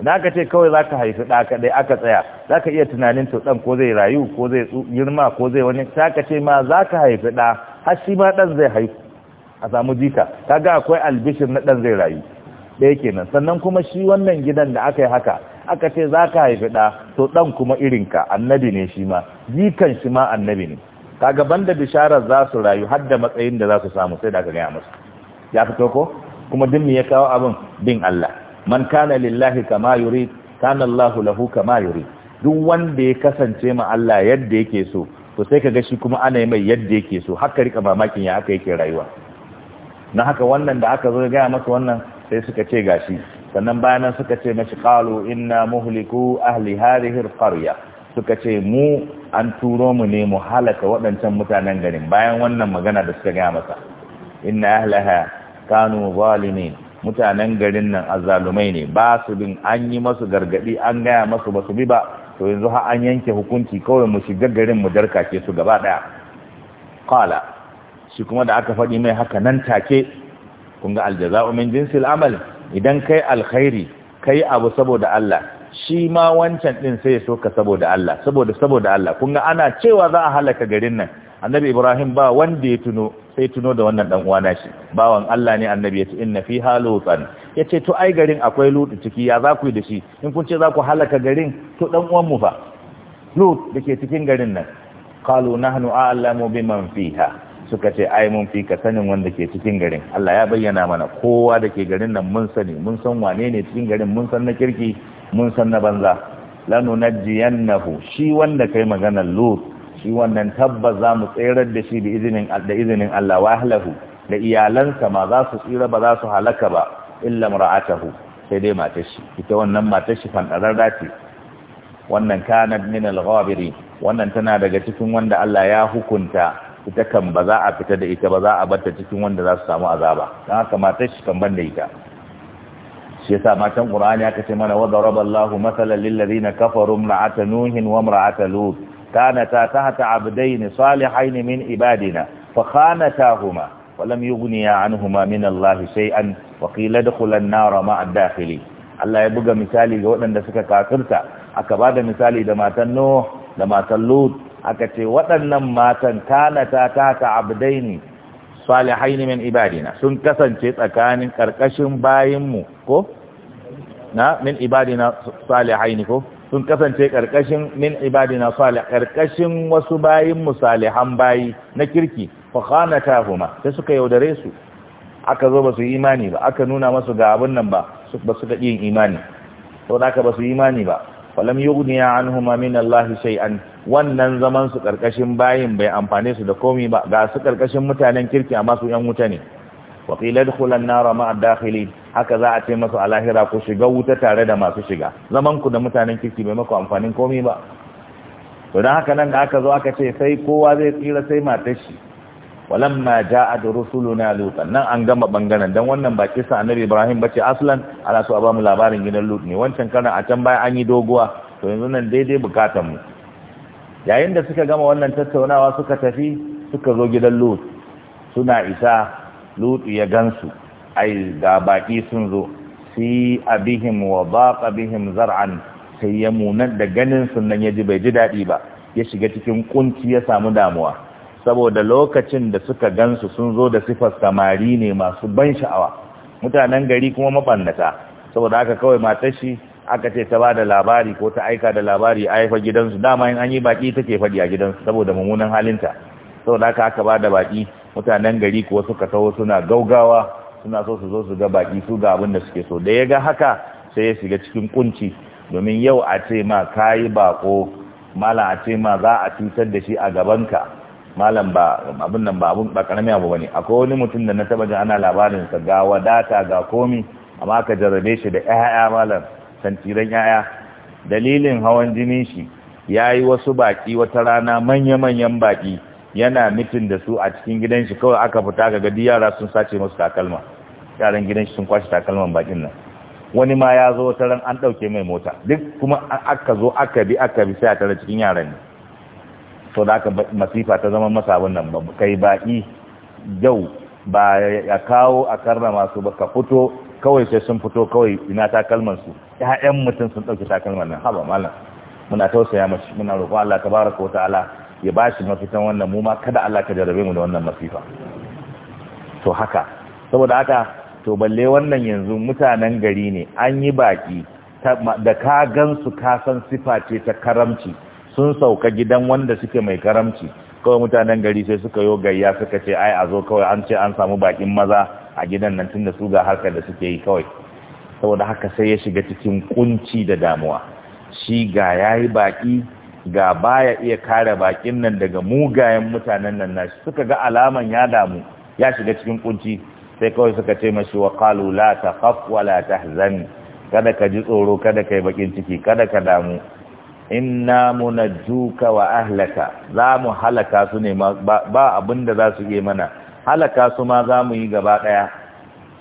na aka ce kawai zaka haifi ɗa kaɗai aka tsaya za ka iya tunanin to ɗan ko zai rayu ko zai girma ko zai wani Ta aka ce ma za ka haifi ɗa har shi ma ɗan zai haifi a samu jika ga akwai albishir na ɗan zai rayu ɗaya kenan sannan kuma shi wannan gidan da aka yi haka aka ce za ka haifi ɗa to ɗan kuma irin ka annabi ne shi ma jikan shi ma annabi ne Ka kaga banda bisharar za su rayu har da matsayin da za su samu sai da aka gaya musu ya fito ko kuma duk ya kawo abin bin Allah man kana lillahi kama yurid kana Allahu lahu kama yurid duk wanda ya kasance ma Allah yadda yake so to sai kaga shi kuma ana yi mai yadda yake so haka rika mamakin ya aka yake rayuwa na haka wannan da aka zo gaya maka wannan sai suka ce gashi sannan bayan suka ce mashi qalu inna muhliku ahli hadhihi alqarya suka ce mu an turo mu ne mu halaka waɗancan mutanen garin bayan wannan magana da suka gaya masa inna ahlaha kanu zalimin mutanen garin nan azzalumai ne ba su bin an yi masu gargadi an gaya masu ba su bi ba to yanzu ha an yanke hukunci kawai mu shiga garin mu darkake su gaba daya qala shi kuma da aka faɗi mai haka nan take kun ga aljaza'u min jinsil amal idan kai alkhairi kai abu saboda Allah shi ma wancan din sai so ka saboda Allah saboda saboda Allah kun ga ana cewa za a halaka garin nan annabi Ibrahim ba wanda ya tuno sai tuno da wannan dan uwana shi bawan Allah ne annabi yace inna fiha Ya ce to ai garin akwai lutu ciki ya za ku yi da shi in kun ce za ku halaka garin to dan uwan mu fa lut dake cikin garin nan qalu nahnu a'lamu biman fiha suka ce ai mun fi ka sanin wanda ke cikin garin Allah ya bayyana mana kowa da ke garin nan mun sani mun san wane ne cikin garin mun san na kirki mun san na banza najiyannahu shi wanda kai maganar lut shi wannan tabbas za mu tserar da shi da izinin Allah wahlahu da iyalansa ma za su tsira ba za su halaka ba illa mar'atahu sai dai matar shi ita wannan matar shi fandararra ce wannan kanat min al-ghabiri wannan tana daga cikin wanda Allah ya hukunta ita kan ba za a fita da ita ba za a barta cikin wanda za su samu azaba dan haka matar shi kan banda ita shi yasa matan Qur'ani aka ce mana wa daraballahu masalan lil ladina kafaru imra'atan nuhin wa imra'atan lut كانتا تحت عبدين صالحين من عبادنا فخانتاهما ولم يغنيا عنهما من الله شيئا وقيل ادخل النار مع الداخلين Allah ya buga misali ga waɗanda suka kafirta aka ba da misali da matan Nuh da matan Lut aka ce waɗannan matan kanata ta ta abdaini salihaini min ibadina sun kasance tsakanin karkashin bayinmu ko na min ibadina salihaini ko sun kasance ƙarƙashin min ibadina salih Ƙarƙashin wasu bayin musalihan bayi na kirki fa khanatahuma sai suka yaudare su aka zo ba su yi imani ba aka nuna masu ga abin nan ba su ba su yin imani to da ba su yi imani ba falam yughniya anhuma min Allah shay'an wannan zaman su karkashin bayin bai amfane su da komai ba ga su karkashin mutanen kirki amma su yan wuta ne wa qila na rama a dakili haka za a ce masu alahira lahira ku shiga wuta tare da masu shiga zaman ku da mutanen kirki bai maka amfanin komi ba to don haka nan da aka zo aka ce sai kowa zai tsira sai matar shi a ja'at rusuluna lutan nan an gama bangaren Don wannan ba kisa annabi ibrahim bace aslan ana so a bamu labarin gidan lut ne wancan kana a can baya an yi doguwa to yanzu nan daidai bukatan mu yayin da suka gama wannan tattaunawa suka tafi suka zo gidan lut suna isa lutu ya gansu ai ga baki sun zo si abihim wa baqa bihim zar'an sai ya munar da ganin sun nan yaji bai ji dadi ba ya shiga cikin kunci ya samu damuwa saboda lokacin da suka gansu sun zo da sifar samari ne masu ban sha'awa mutanen gari kuma mabannata saboda aka kawai matar shi aka ce ta bada labari ko ta aika da labari a haifa gidansu dama in an yi baki take faɗi a gidansu saboda mummunan halinta saboda haka aka bada baki mutanen gari kuwa suka taho suna gaugawa suna so su zo su ga baki su ga abin da suke so da ya ga haka sai ya shiga cikin kunci domin yau a ce ma kayi bako malam a ce ma za a cutar da shi a gabanka malam ba abin nan ba abun ba karami abu bane akwai wani mutum da na taba jin ana labarin sa ga wadata ga komi amma ka jarrabe shi da ƴaƴa malam santiran ƴaƴa dalilin hawan jinin shi yayi wasu baki wata rana manya manyan baki yana mitin da su a cikin gidan shi kawai aka fita ga gadi yara sun sace masu takalma yaran gidan shi sun kwashe takalman bakin nan wani ma ya zo wata an ɗauke mai mota duk kuma aka zo aka bi aka bi sai a tare cikin yaran ne to da aka masifa ta zama masa abin nan kai baƙi yau ba ya kawo a karrama su ba ka fito kawai sai sun fito kawai ina takalman su ƴaƴan mutum sun dauke takalman nan haba malam muna tausaya mashi muna roƙon Allah tabaraka wa ta'ala ya ba shi mafitan wannan mu ma kada Allah ka jarabe mu da wannan masifa to haka saboda haka to balle wannan yanzu mutanen gari ne an yi baki da ka gansu ka san sifa ce ta karamci sun sauka gidan wanda suke mai karamci kawai mutanen gari sai suka yo gayya suka ce ai a zo kawai an ce an samu bakin maza a gidan nan tunda su ga harkar da suke yi kawai saboda haka sai ya shiga cikin kunci da damuwa shi ga yayi baki ga baya iya kare bakin nan daga mugayen mutanen nan nashi suka ga alaman ya damu ya shiga cikin kunci sai kawai suka ce mashi wa qalu la taqaf wa la tahzan kada ka ji tsoro kada kai bakin ciki kada ka damu inna munajjuka wa ahlaka za mu halaka su ne ba abinda za su yi mana halaka su ma za mu yi gaba daya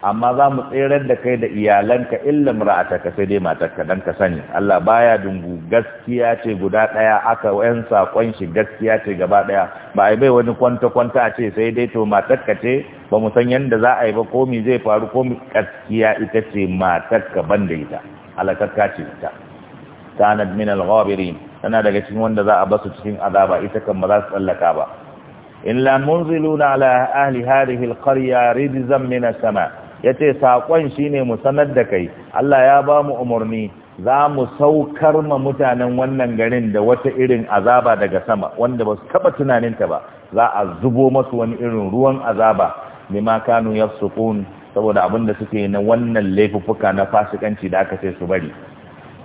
amma za mu tseren da kai da iyalanka illa ra'ataka sai dai matarka don ka sani Allah baya dungu gaskiya ce guda daya aka yan sakon shi gaskiya ce gaba daya ba ai bai wani kwanta kwanta a ce sai dai to matarka ce ba mu san yadda za a yi ba komi zai faru komi gaskiya ita ce matarka banda ita alakarka ce ita kanat min al tana daga cikin wanda za a basu cikin azaba ita kan ba za su tsallaka ba illa munziluna ala ahli hadhihi al-qarya rizqan min as-sama' ya ce saƙon shi ne mu sanar da kai Allah ya ba mu umarni za mu saukar ma mutanen wannan garin da wata irin azaba daga sama wanda ba su taɓa tunaninta ba za a zubo masu wani irin ruwan azaba ma kanu ya saboda abin da suke na wannan laifuffuka na fasikanci da aka ce su bari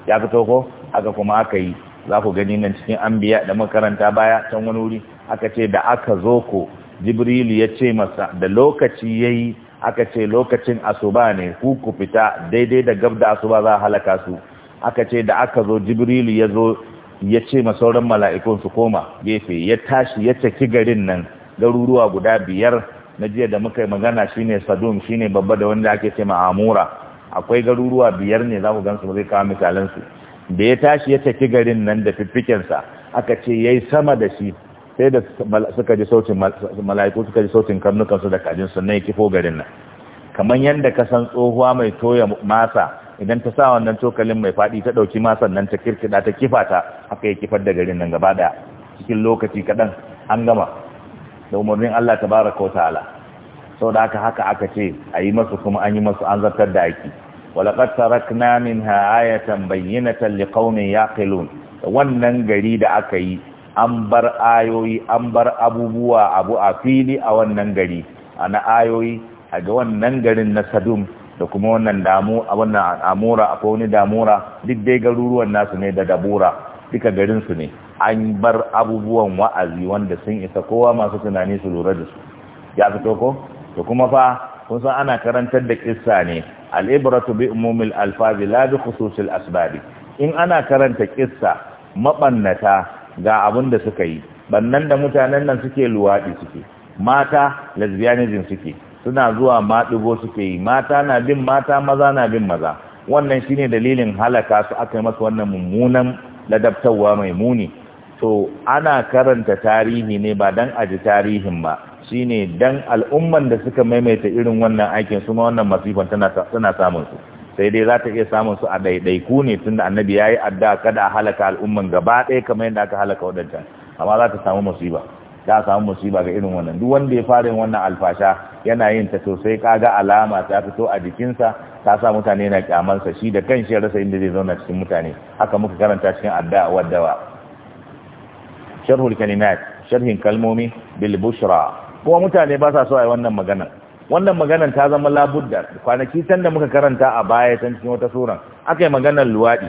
ya fito ko aka kuma aka yi za ku gani nan cikin an biya da makaranta baya can wani wuri aka ce da aka zo ko jibrilu ya ce masa da lokaci ya yi. aka ce lokacin asuba ne ku ku fita daidai da gab da asuba za a halaka su aka ce da aka zo jibrilu ya zo ya ce ma sauran mala'ikun su koma gefe ya tashi ya caki garin nan garuruwa guda biyar na jiya da muka yi magana shine sadum shine babba da wanda ake ce ma'amura amura akwai garuruwa biyar ne za ku gan su zai kawo misalan da ya tashi ya caki garin nan da fiffikensa aka ce yayi sama da shi sai da suka ji sautin mala'iku suka ji sautin karnukansu da kajin su nai kifo garin nan kamar yadda ka san tsohuwa mai toya masa idan ta sa wannan cokalin mai faɗi ta ɗauki masan nan ta kirkida ta kifa ta aka yi kifar da garin nan gaba ɗaya cikin lokaci kaɗan an gama da umarnin Allah ta bara wa ta'ala sau da haka haka aka ce a yi masu kuma an yi masu an zartar da aiki walaƙar tarakna min ha ayatan bayyanatan liƙaunin yaƙilun wannan gari da aka yi an bar ayoyi an bar abubuwa abu a fili a wannan gari ana ayoyi a ga wannan garin na sadum da kuma wannan damu a wannan amura akwai wani damura duk dai garuruwan nasu ne da dabura duka garin su ne an bar abubuwan wa'azi wanda sun isa kowa masu tunani su lura da su ya su toko? Da kuma fa kun san ana karantar da kissa ne al-ibratu bi umumil alfazi la bi khususil asbabi in ana karanta kissa mabannata ga abin da suka yi bannan da mutanen nan suke luwaɗi suke mata lesbianism suke suna zuwa maɗigo suke yi mata na bin mata maza na bin maza wannan shine dalilin halaka su aka yi masa wannan mummunan ladabtarwa mai muni to ana karanta tarihi ne ba dan aji tarihin ba Shi ne dan al'umman da suka maimaita irin wannan aikin su ma wannan masifan tana samun su sai dai za ta iya samun su a ɗaiɗaiku ne tunda annabi ya yi adda kada a halaka al'umman gaba ɗaya kamar yadda aka halaka waɗancan amma za ta samu musiba za a samu musiba ga irin wannan duk wanda ya fara yin wannan alfasha yana yin ta sosai kaga alama ta fito a jikinsa ta sa mutane na kyamarsa shi da kan shi ya rasa inda zai zauna cikin mutane haka muka karanta cikin adda waddawa sharhul kalimat sharhin kalmomi bil bushra kuma mutane ba sa so a yi wannan magana wannan maganan ta zama labudda kwanaki can da muka karanta a baya can cikin wata suran aka yi maganan luwaɗi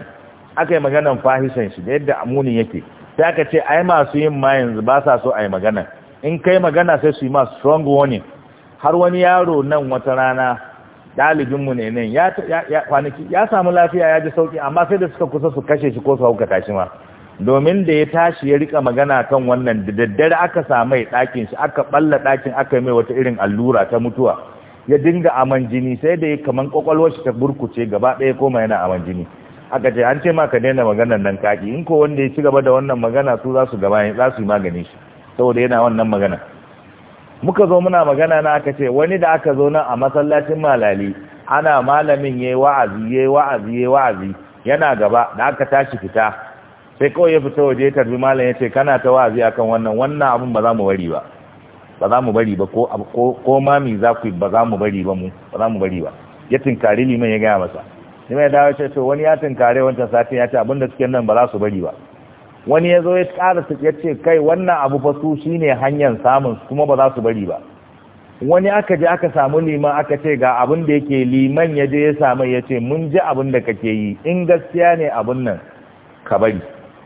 aka yi maganan fahishan shi da yadda amunin yake sai aka ce ai masu yin ma yanzu ba sa so a yi magana in kai magana sai su yi ma strong warning har wani yaro nan wata rana ɗalibinmu ne nan ya samu lafiya ya ji sauƙi amma sai da suka kusa su kashe shi ko su haukata shi ma domin da ya tashi ya rika magana kan wannan da daddare aka samai ɗakin shi aka ɓalla ɗakin aka mai wata irin allura ta mutuwa ya dinga aman jini sai da ya kaman ƙwaƙwalwar shi ta burkuce gaba ɗaya koma yana aman jini aka ce an ce ma ka daina maganar nan kaki in ko wanda ya ci gaba da wannan magana su za su gaba za su yi magani shi saboda yana wannan magana muka zo muna magana na aka ce wani da aka zo nan a masallacin malali ana malamin yayi wa'azi yayi wa'azi yayi wa'azi yana gaba da aka tashi fita sai kawai ya fita waje ya tarbi malam ya ce kana ta wa'azi akan wannan wannan abun ba za mu bari ba ba za mu bari ba ko mami za ku ba za mu bari ba mu ba za mu bari ba ya tinkari liman ya gaya masa liman ya dawo ce wani ya tinkare wancan satin ya ce abinda suke nan ba za su bari ba wani ya zo ya ƙara su ya ce kai wannan abu fa su shine hanyar samun kuma ba za su bari ba wani aka je aka samu liman aka ce ga abin da yake liman ya je ya samu ya ce mun ji abin da kake yi in gaskiya ne abin nan ka bari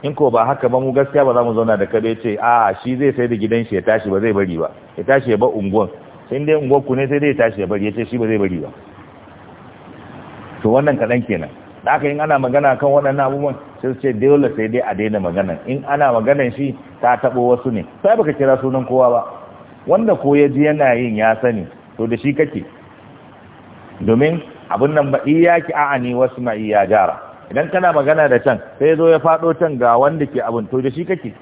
in ko ba haka ba mu gaskiya ba za mu zauna da kabe ce a shi zai sai da gidan shi ya tashi ba zai bari ba ya tashi ya ba unguwan sai dai unguwar ku ne sai dai ya tashi ya bari ya ce shi ba zai bari ba to wannan kaɗan kenan da aka yin ana magana kan waɗannan abubuwan sai ce dole sai dai a daina magana in ana maganan shi ta taɓo wasu ne sai baka kira sunan kowa ba wanda ko ya ji yana yin ya sani to da shi kake domin abin nan ba iyaki a'ani wasu ma iya jara idan kana magana da can sai zo ya fado can ga wanda ke abin to da shi kake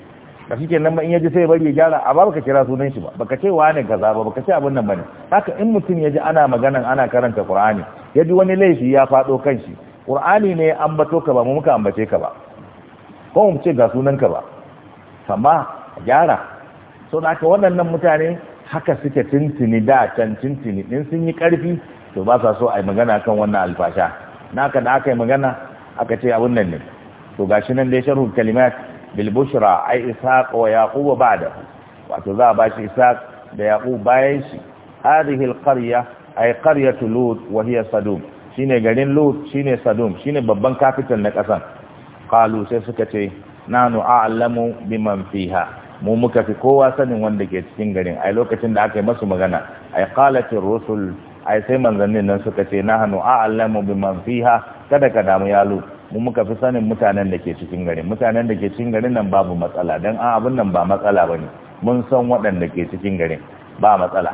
da shi kenan ma in yaji sai bari ya gyara a ba baka kira sunan shi ba baka ce wani kaza ba baka ce abin nan bane haka in mutum ya ji ana maganan ana karanta qur'ani ji wani laifi ya fado kan shi qur'ani ne ya ambato ka ba mu muka ambace ka ba ko mu ce ga sunan ka ba amma gyara so da ka waɗannan mutane haka suke tintini da can tintini din sun yi karfi to ba sa so a yi magana kan wannan alfasha naka da aka yi magana aka ce abun nan ne to gashi nan dai sharhu kalimat bil bushra ay wa yaqub ba'da wato za a bashi ishaq da yaqub bayan shi hadhihi al qarya ay qaryatu lut wa hiya sadum shine garin lut shine sadum shine babban capital na kasan qalu sai suka ce nanu a'lamu biman fiha mu muka fi kowa sanin wanda ke cikin garin ai lokacin da aka yi masu magana ai qalatir rusul ai sai manzannin nan suka ce nahnu a'lamu biman fiha kada ka damu yalo mu muka fi sanin mutanen da ke cikin garin mutanen da ke cikin garin nan babu matsala don a abin nan ba matsala ba ne mun san waɗanda ke cikin garin ba matsala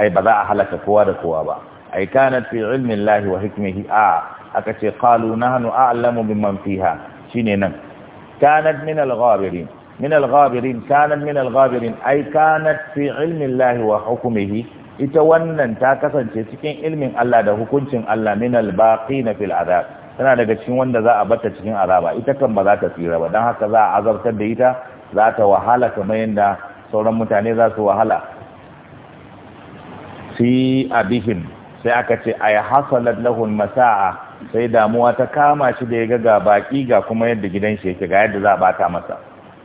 ai ba za a halaka kowa da kowa ba ai kana fi ilmin lahi wa hikmihi a aka ce qalu nahnu a'lamu man fiha shine nan kanat min al-ghabirin min al-ghabirin kanat min al-ghabirin ai kanat fi ilmi Allah ita wannan ta kasance cikin ilmin Allah da hukuncin Allah min al na fil tana daga cikin wanda za a bata cikin azaba ita kan ba za ta tsira ba dan haka za a azabtar da ita za ta wahala kamar yanda sauran mutane za su wahala fi abihim sai aka ce ay hasalat lahun masaa sai damuwa ta kama shi da ya ga ga baki ga kuma yadda gidan shi yake ga yadda za a bata masa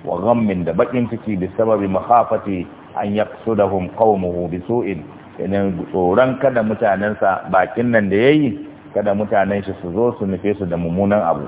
wa ghammin da bakin ciki bi sababi makhafati an yaqsudahum qaumuhu bi su'in idan tsoron kada mutanensa bakin nan da yayi kada mutanen shi su zo su nufe su da mummunan abu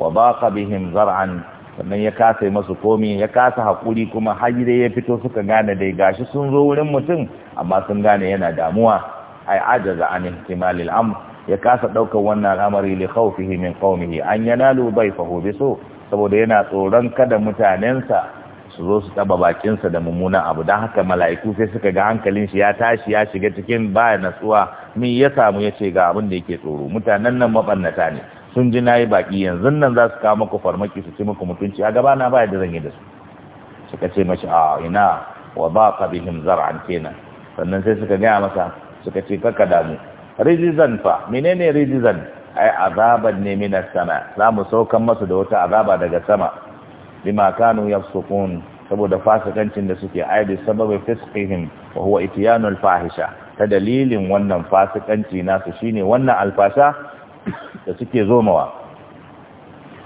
wa baqa bihim zar'an sannan ya kasa masu komi ya kasa hakuri kuma har dai ya fito suka gane dai gashi sun zo wurin mutum amma sun gane yana damuwa ai ajaza an ihtimalil amr ya kasa daukar wannan al'amari li khawfihi min qaumihi an yanalu bayfahu bisu' saboda yana tsoron kada mutanensa su zo su taba bakinsa da mummunan abu don haka mala'iku sai suka ga hankalin shi ya tashi ya shiga cikin baya natsuwa min ya samu ya ce ga abin da yake tsoro mutanen nan mabannata ne sun ji nayi baki yanzu nan za su kawo muku farmaki su ci muku mutunci a gaba na baya da zan yi da su suka ce mashi a ina wa ba ka bihim zar'an kenan sannan sai suka gaya masa suka ce kaka damu rizizan fa menene rizizan ai azaban ne mina sama za mu saukan masu da wata azaba daga sama bima kanu yafsukun saboda fasikancin da suke ai bi sababi fisqihim wa huwa fahisha ta dalilin wannan fasikanci nasu shine wannan alfasha da suke zomawa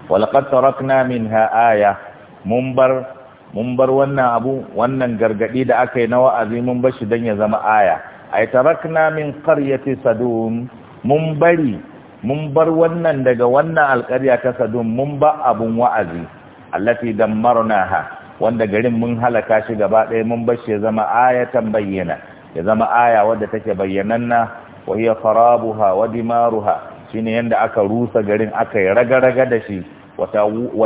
walaqad tarakna minha aya mun bar mun bar wannan abu wannan gargadi da aka yi na wa'azi mun bar shi dan ya zama aya ai tarakna min qaryati sadum mun bari mun bar wannan daga wannan alƙarya ta sadun mun ba abun wa'azi allati dammarnaha wanda garin mun halaka shi gaba ɗaya mun bar shi ya zama ayatan bayyana ya zama aya wadda take bayyananna wa hiya farabuha wa dimaruha shine yanda aka rusa garin aka yi raga-raga da shi wa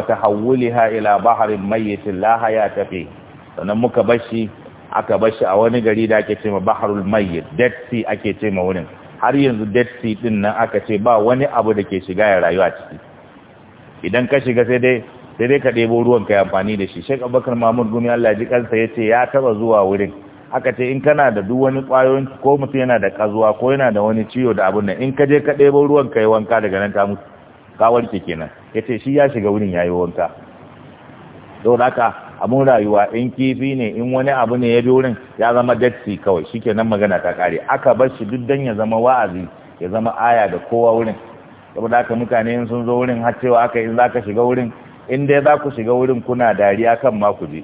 tahawwulha ila bahrin mayyit la ta fi sannan muka bar shi aka bar shi a wani gari da ake cewa bahrul mayyit dead sea ake cewa wurin har yanzu dead sea din nan aka ce ba wani abu da ke shiga ya rayuwa ciki idan ka shiga sai dai sai dai ka ɗebo ruwan ka yi amfani da shi Sheikh Abubakar Mahmud Gumi Allah ji kansa ce ya taba zuwa wurin aka ce in kana da duk wani ƙwayoyin ko mutum yana da kazuwa ko yana da wani ciwo da abin nan in ka je ka ɗebo ruwan ka yi wanka daga nan ta mutu ka warke kenan yace shi ya shiga wurin yayi wanka don haka abun rayuwa in kifi ne in wani abu ne ya bi wurin ya zama datti kawai shi shikenan magana ta kare aka bar shi duk dan ya zama wa'azi ya zama aya da kowa wurin saboda haka mutane sun zo wurin har cewa aka in zaka shiga wurin in dai za ku shiga wurin kuna dariya kan ma ku je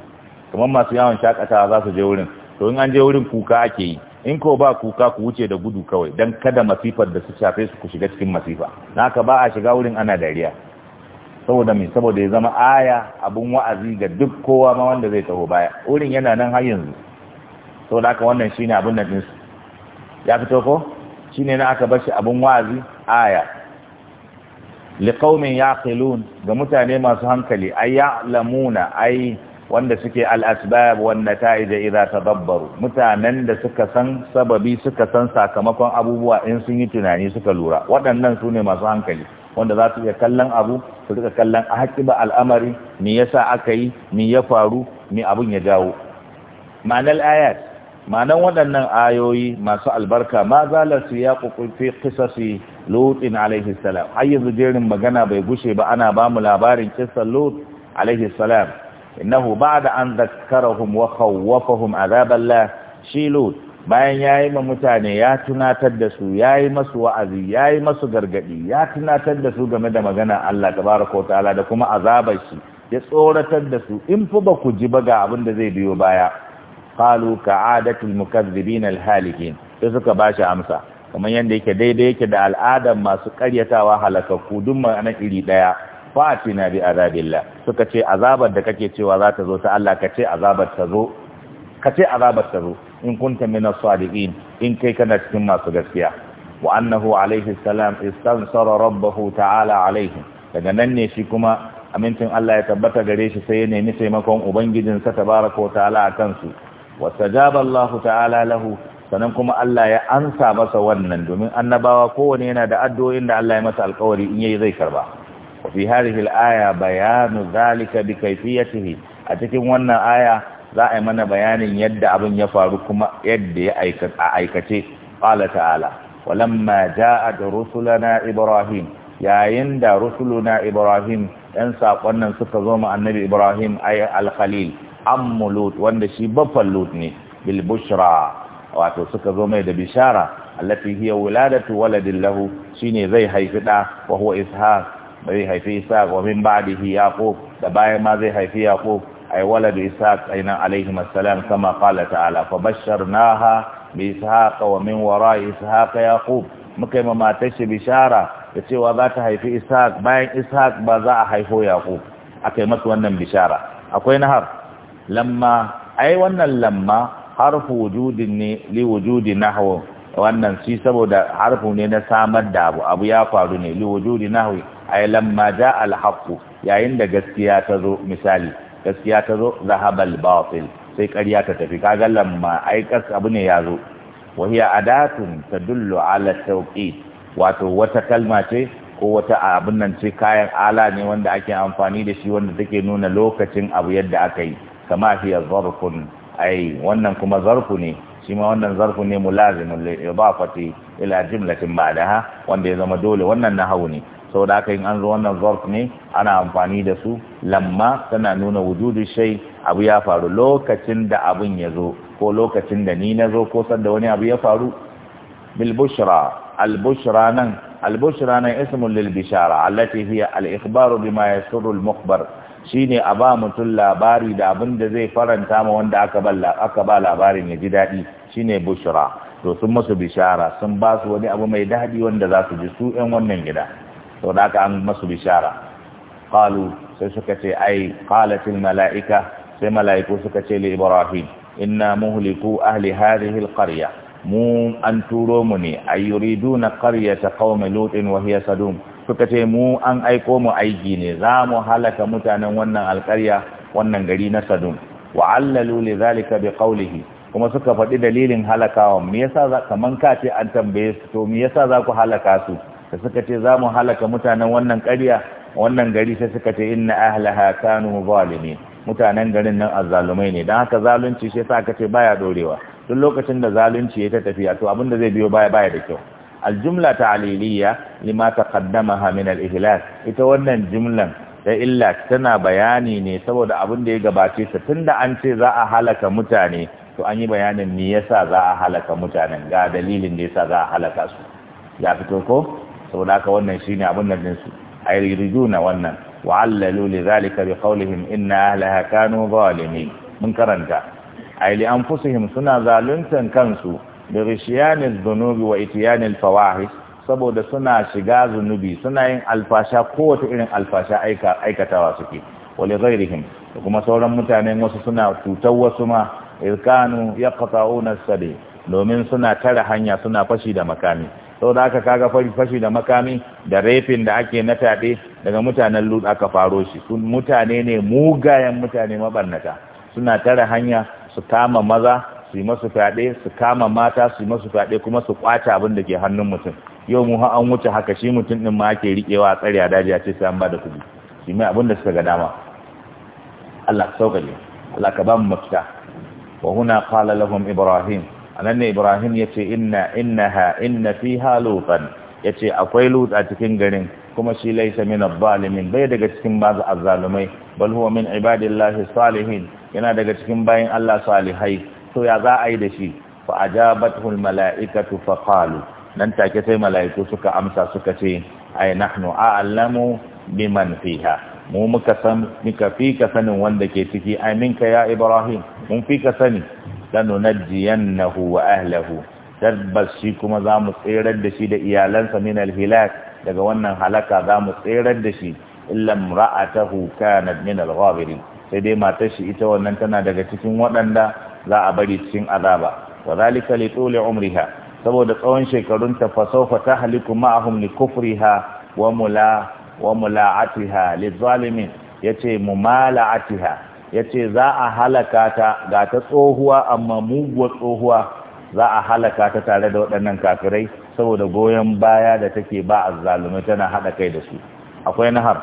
kamar masu yawon shakatawa za su je wurin to in an je wurin kuka ake yi in ko ba kuka ku wuce da gudu kawai dan kada masifar da su shafe su ku shiga cikin masifa na haka ba a shiga wurin ana dariya saboda mai saboda ya zama aya abun wa'azi ga duk kowa ma wanda zai taho baya wurin yana nan har yanzu saboda aka wannan shine abun da din ya fito ko shine na aka bar shi abun wa'azi aya ya yaqilun ga mutane masu hankali ay ya'lamuna ay wanda suke al-asbab wan nata'ij ta tadabbaru mutanen da suka san sababi suka san sakamakon abubuwa in sun yi tunani suka lura waɗannan su ne masu hankali wanda za su iya kallon abu su rika kallon a haƙiba al'amari me yasa aka yi me ya faru me abun ya jawo ma'anar ayat ma'anar waɗannan ayoyi masu albarka ma zalar su ya kukurfi kisasi lutin alaihi salam har yanzu jerin magana bai gushe ba ana ba mu labarin kisan lut alaihi salam innahu ba'da an zakkarahum wa khawwafahum azaballah shi lut bayan ya yi ma mutane ya tunatar da su ya yi masu wa'azi ya yi masu gargaɗi ya tunatar da su game da magana Allah tabaraka ta'ala da kuma azabar shi ya tsoratar da su in fi ba ku ji ba ga abin da zai biyo baya ka adatul mukazzibin alhalikin sai suka bashi amsa kamar yadda yake daidai yake da al'adar masu karyatawa halakakku duk ma'anar iri daya fatina bi azabillah suka ce azabar da kake cewa za ta zo ta Allah ka ce azabar ta azabar ta zo in kunta min as-sadiqin in kai kana cikin masu gaskiya wa annahu alaihi salam istansara rabbahu ta'ala alaihi daga nan ne shi kuma amincin Allah ya tabbata gare shi sai ya nemi taimakon ubangijinsa tabaraka wa ta'ala akan su wastajaba Allah ta'ala lahu sannan kuma Allah ya ansa masa wannan domin annabawa kowane yana da addu'o'in da Allah ya masa alƙawari in yayi zai karba wa fi hadhihi al-aya bayanu zalika bi kayfiyatihi a cikin wannan aya za a yi mana bayanin yadda abin ya faru kuma yadda ya aikace ƙala ta'ala walamma da rusulana ibrahim yayin da rusuluna ibrahim ɗan saƙon nan suka zo ma annabi ibrahim ay Alkhalil ammu wanda shi baffan lut ne Bilbushra. wato suka zo mai da bishara allati hiya wuladatu waladin lahu shine zai haifi da wa huwa ishaq zai haifi ishaq wa min ba'dihi yaqub da bayan ma zai haifi yaqub ay waladu ishaq ayna alayhi assalam kama qala ta'ala fa basharnaha bi ishaq wa min wara'i ishaq yaqub muka ma matar shi bishara da cewa za ta haifi ishaq bayan ishaq ba za a haifo yaqub akai masa wannan bishara akwai nahar lamma ai wannan lamma harfu wujudin ne li wujudi nahwu wannan shi saboda harfu ne na samar da abu abu ya faru ne li wujudi nahwi Ai lamma jaa al haqq yayin da gaskiya ta zo misali gaskiya ta zo zahabal batil sai ƙarya ta tafi kaga lamma ma aikas abu ne ya zo wa hiya adatun tadullu ala tawqit wato wata kalma ce ko wata abin nan ce kayan ala ne wanda ake amfani da shi wanda take nuna lokacin abu yadda aka yi kama hiya zarfun ai wannan kuma zarfu ne shi ma wannan zarfu ne mulazimun li idafati ila jumlatin ba'daha wanda ya zama dole wannan nahawu ne sau da aka yin an zo wannan zarf ne ana amfani da su lamma tana nuna wujudu shai abu ya faru lokacin da abin ya zo ko lokacin da ni na zo ko da wani abu ya faru bilbushra albushra nan albushra nan ismin lil bishara allati hiya al ikhbaru bima yasurru al mukhbar shine a ba mutum labari da abin da zai faranta ma wanda aka ba aka ba labarin ya ji dadi shine bushra to sun musu bishara sun ba su wani abu mai daɗi wanda za su ji su yan wannan gida sau da aka an masu bishara qalu sai suka ce ai qalatil mala'ika sai mala'iku suka ce li ibrahim inna muhliku ahli hadhihi alqarya mu an turo mu ne ay yuriduna qaryata qaumi lutin wa hiya sadum suka ce mu an aiko mu aiki ne za mu halaka mutanen wannan alƙarya wannan gari na sadum wa allalu li zalika bi kuma suka faɗi dalilin halakawa me yasa za kaman ka ce an tambaye su to me yasa za ku halaka su da suka ce za mu halaka mutanen wannan ƙarya wannan gari sai suka ce inna ahlaha kanu zalimin mutanen garin nan azzalumai ne dan haka zalunci shi yasa aka ce baya dorewa duk lokacin da zalunci ya ta tafiya to abinda zai biyo baya baya da kyau aljumla ta'liliya lima taqaddamaha min al-ihlas ita wannan jumlan da illa tana bayani ne saboda abin da ya gabace ta tunda an ce za a halaka mutane to an yi bayanin me yasa za a halaka mutanen ga dalilin da yasa za a halaka su ya fito ko saboda haka wannan shine abin nan din ay yuriduna wannan wa allalu li zalika inna ahlaha kanu zalimin mun karanta ay li anfusihim suna zaluntan kansu bi rishyanil dhunubi wa Itiyanil fawahish saboda suna shiga zunubi suna yin alfasha kowace irin alfasha aikatawa suke wale zairihim da kuma sauran mutane wasu suna cutar wasu ma irkanu ya kasa unar domin suna tara hanya suna fashi da makami sau da aka kaga fari fashi da makami da refin da ake na tafe daga mutanen lud aka faro shi sun mutane ne mugayen mutane mabarnata suna tara hanya su kama maza su yi masu fyaɗe su kama mata su yi masu fyaɗe kuma su kwace abin da ke hannun mutum yau mu an wuce haka shi mutum ɗin ma ake riƙewa a tsare a daji a ce sai an ba da kuɗi shi mai abin da suka ga dama Allah sauƙaƙe Allah ka ba mu mafita wa huna qala lahum ibrahim anan ne ibrahim ya ce inna innaha inna fiha lutan ya ce akwai lut a cikin garin kuma shi laisa min zalimin bai daga cikin mazu azzalumai bal huwa min ibadillahi salihin yana daga cikin bayin Allah salihai to ya za a yi da shi fa ajabathu almalaikatu fa qalu nan take sai mala'iku suka amsa suka ce ai nahnu a'lamu biman fiha mu muka san muka fi ka sanin wanda ke ciki ai minka ya ibrahim mun fi ka sani lanunajjiyannahu wa ahlahu tabbas shi kuma zamu mu tserar da shi da iyalansa min alhilak daga wannan halaka zamu mu tserar da shi illam ra'atahu kanat min alghabirin sai dai matar shi ita wannan tana daga cikin waɗanda za a bari cikin azaba wa zalika li tuli umriha saboda tsawon shekarun ta fa sawfa tahliku ma'ahum li kufriha wa mula wa mula'atiha lizalimin yace mumala'atiha ya ce za a halaka ta ga ta tsohuwa amma muguwar tsohuwa za a halaka ta tare da waɗannan kafirai saboda goyon baya da take ba a zalumi tana haɗa kai da su akwai nahar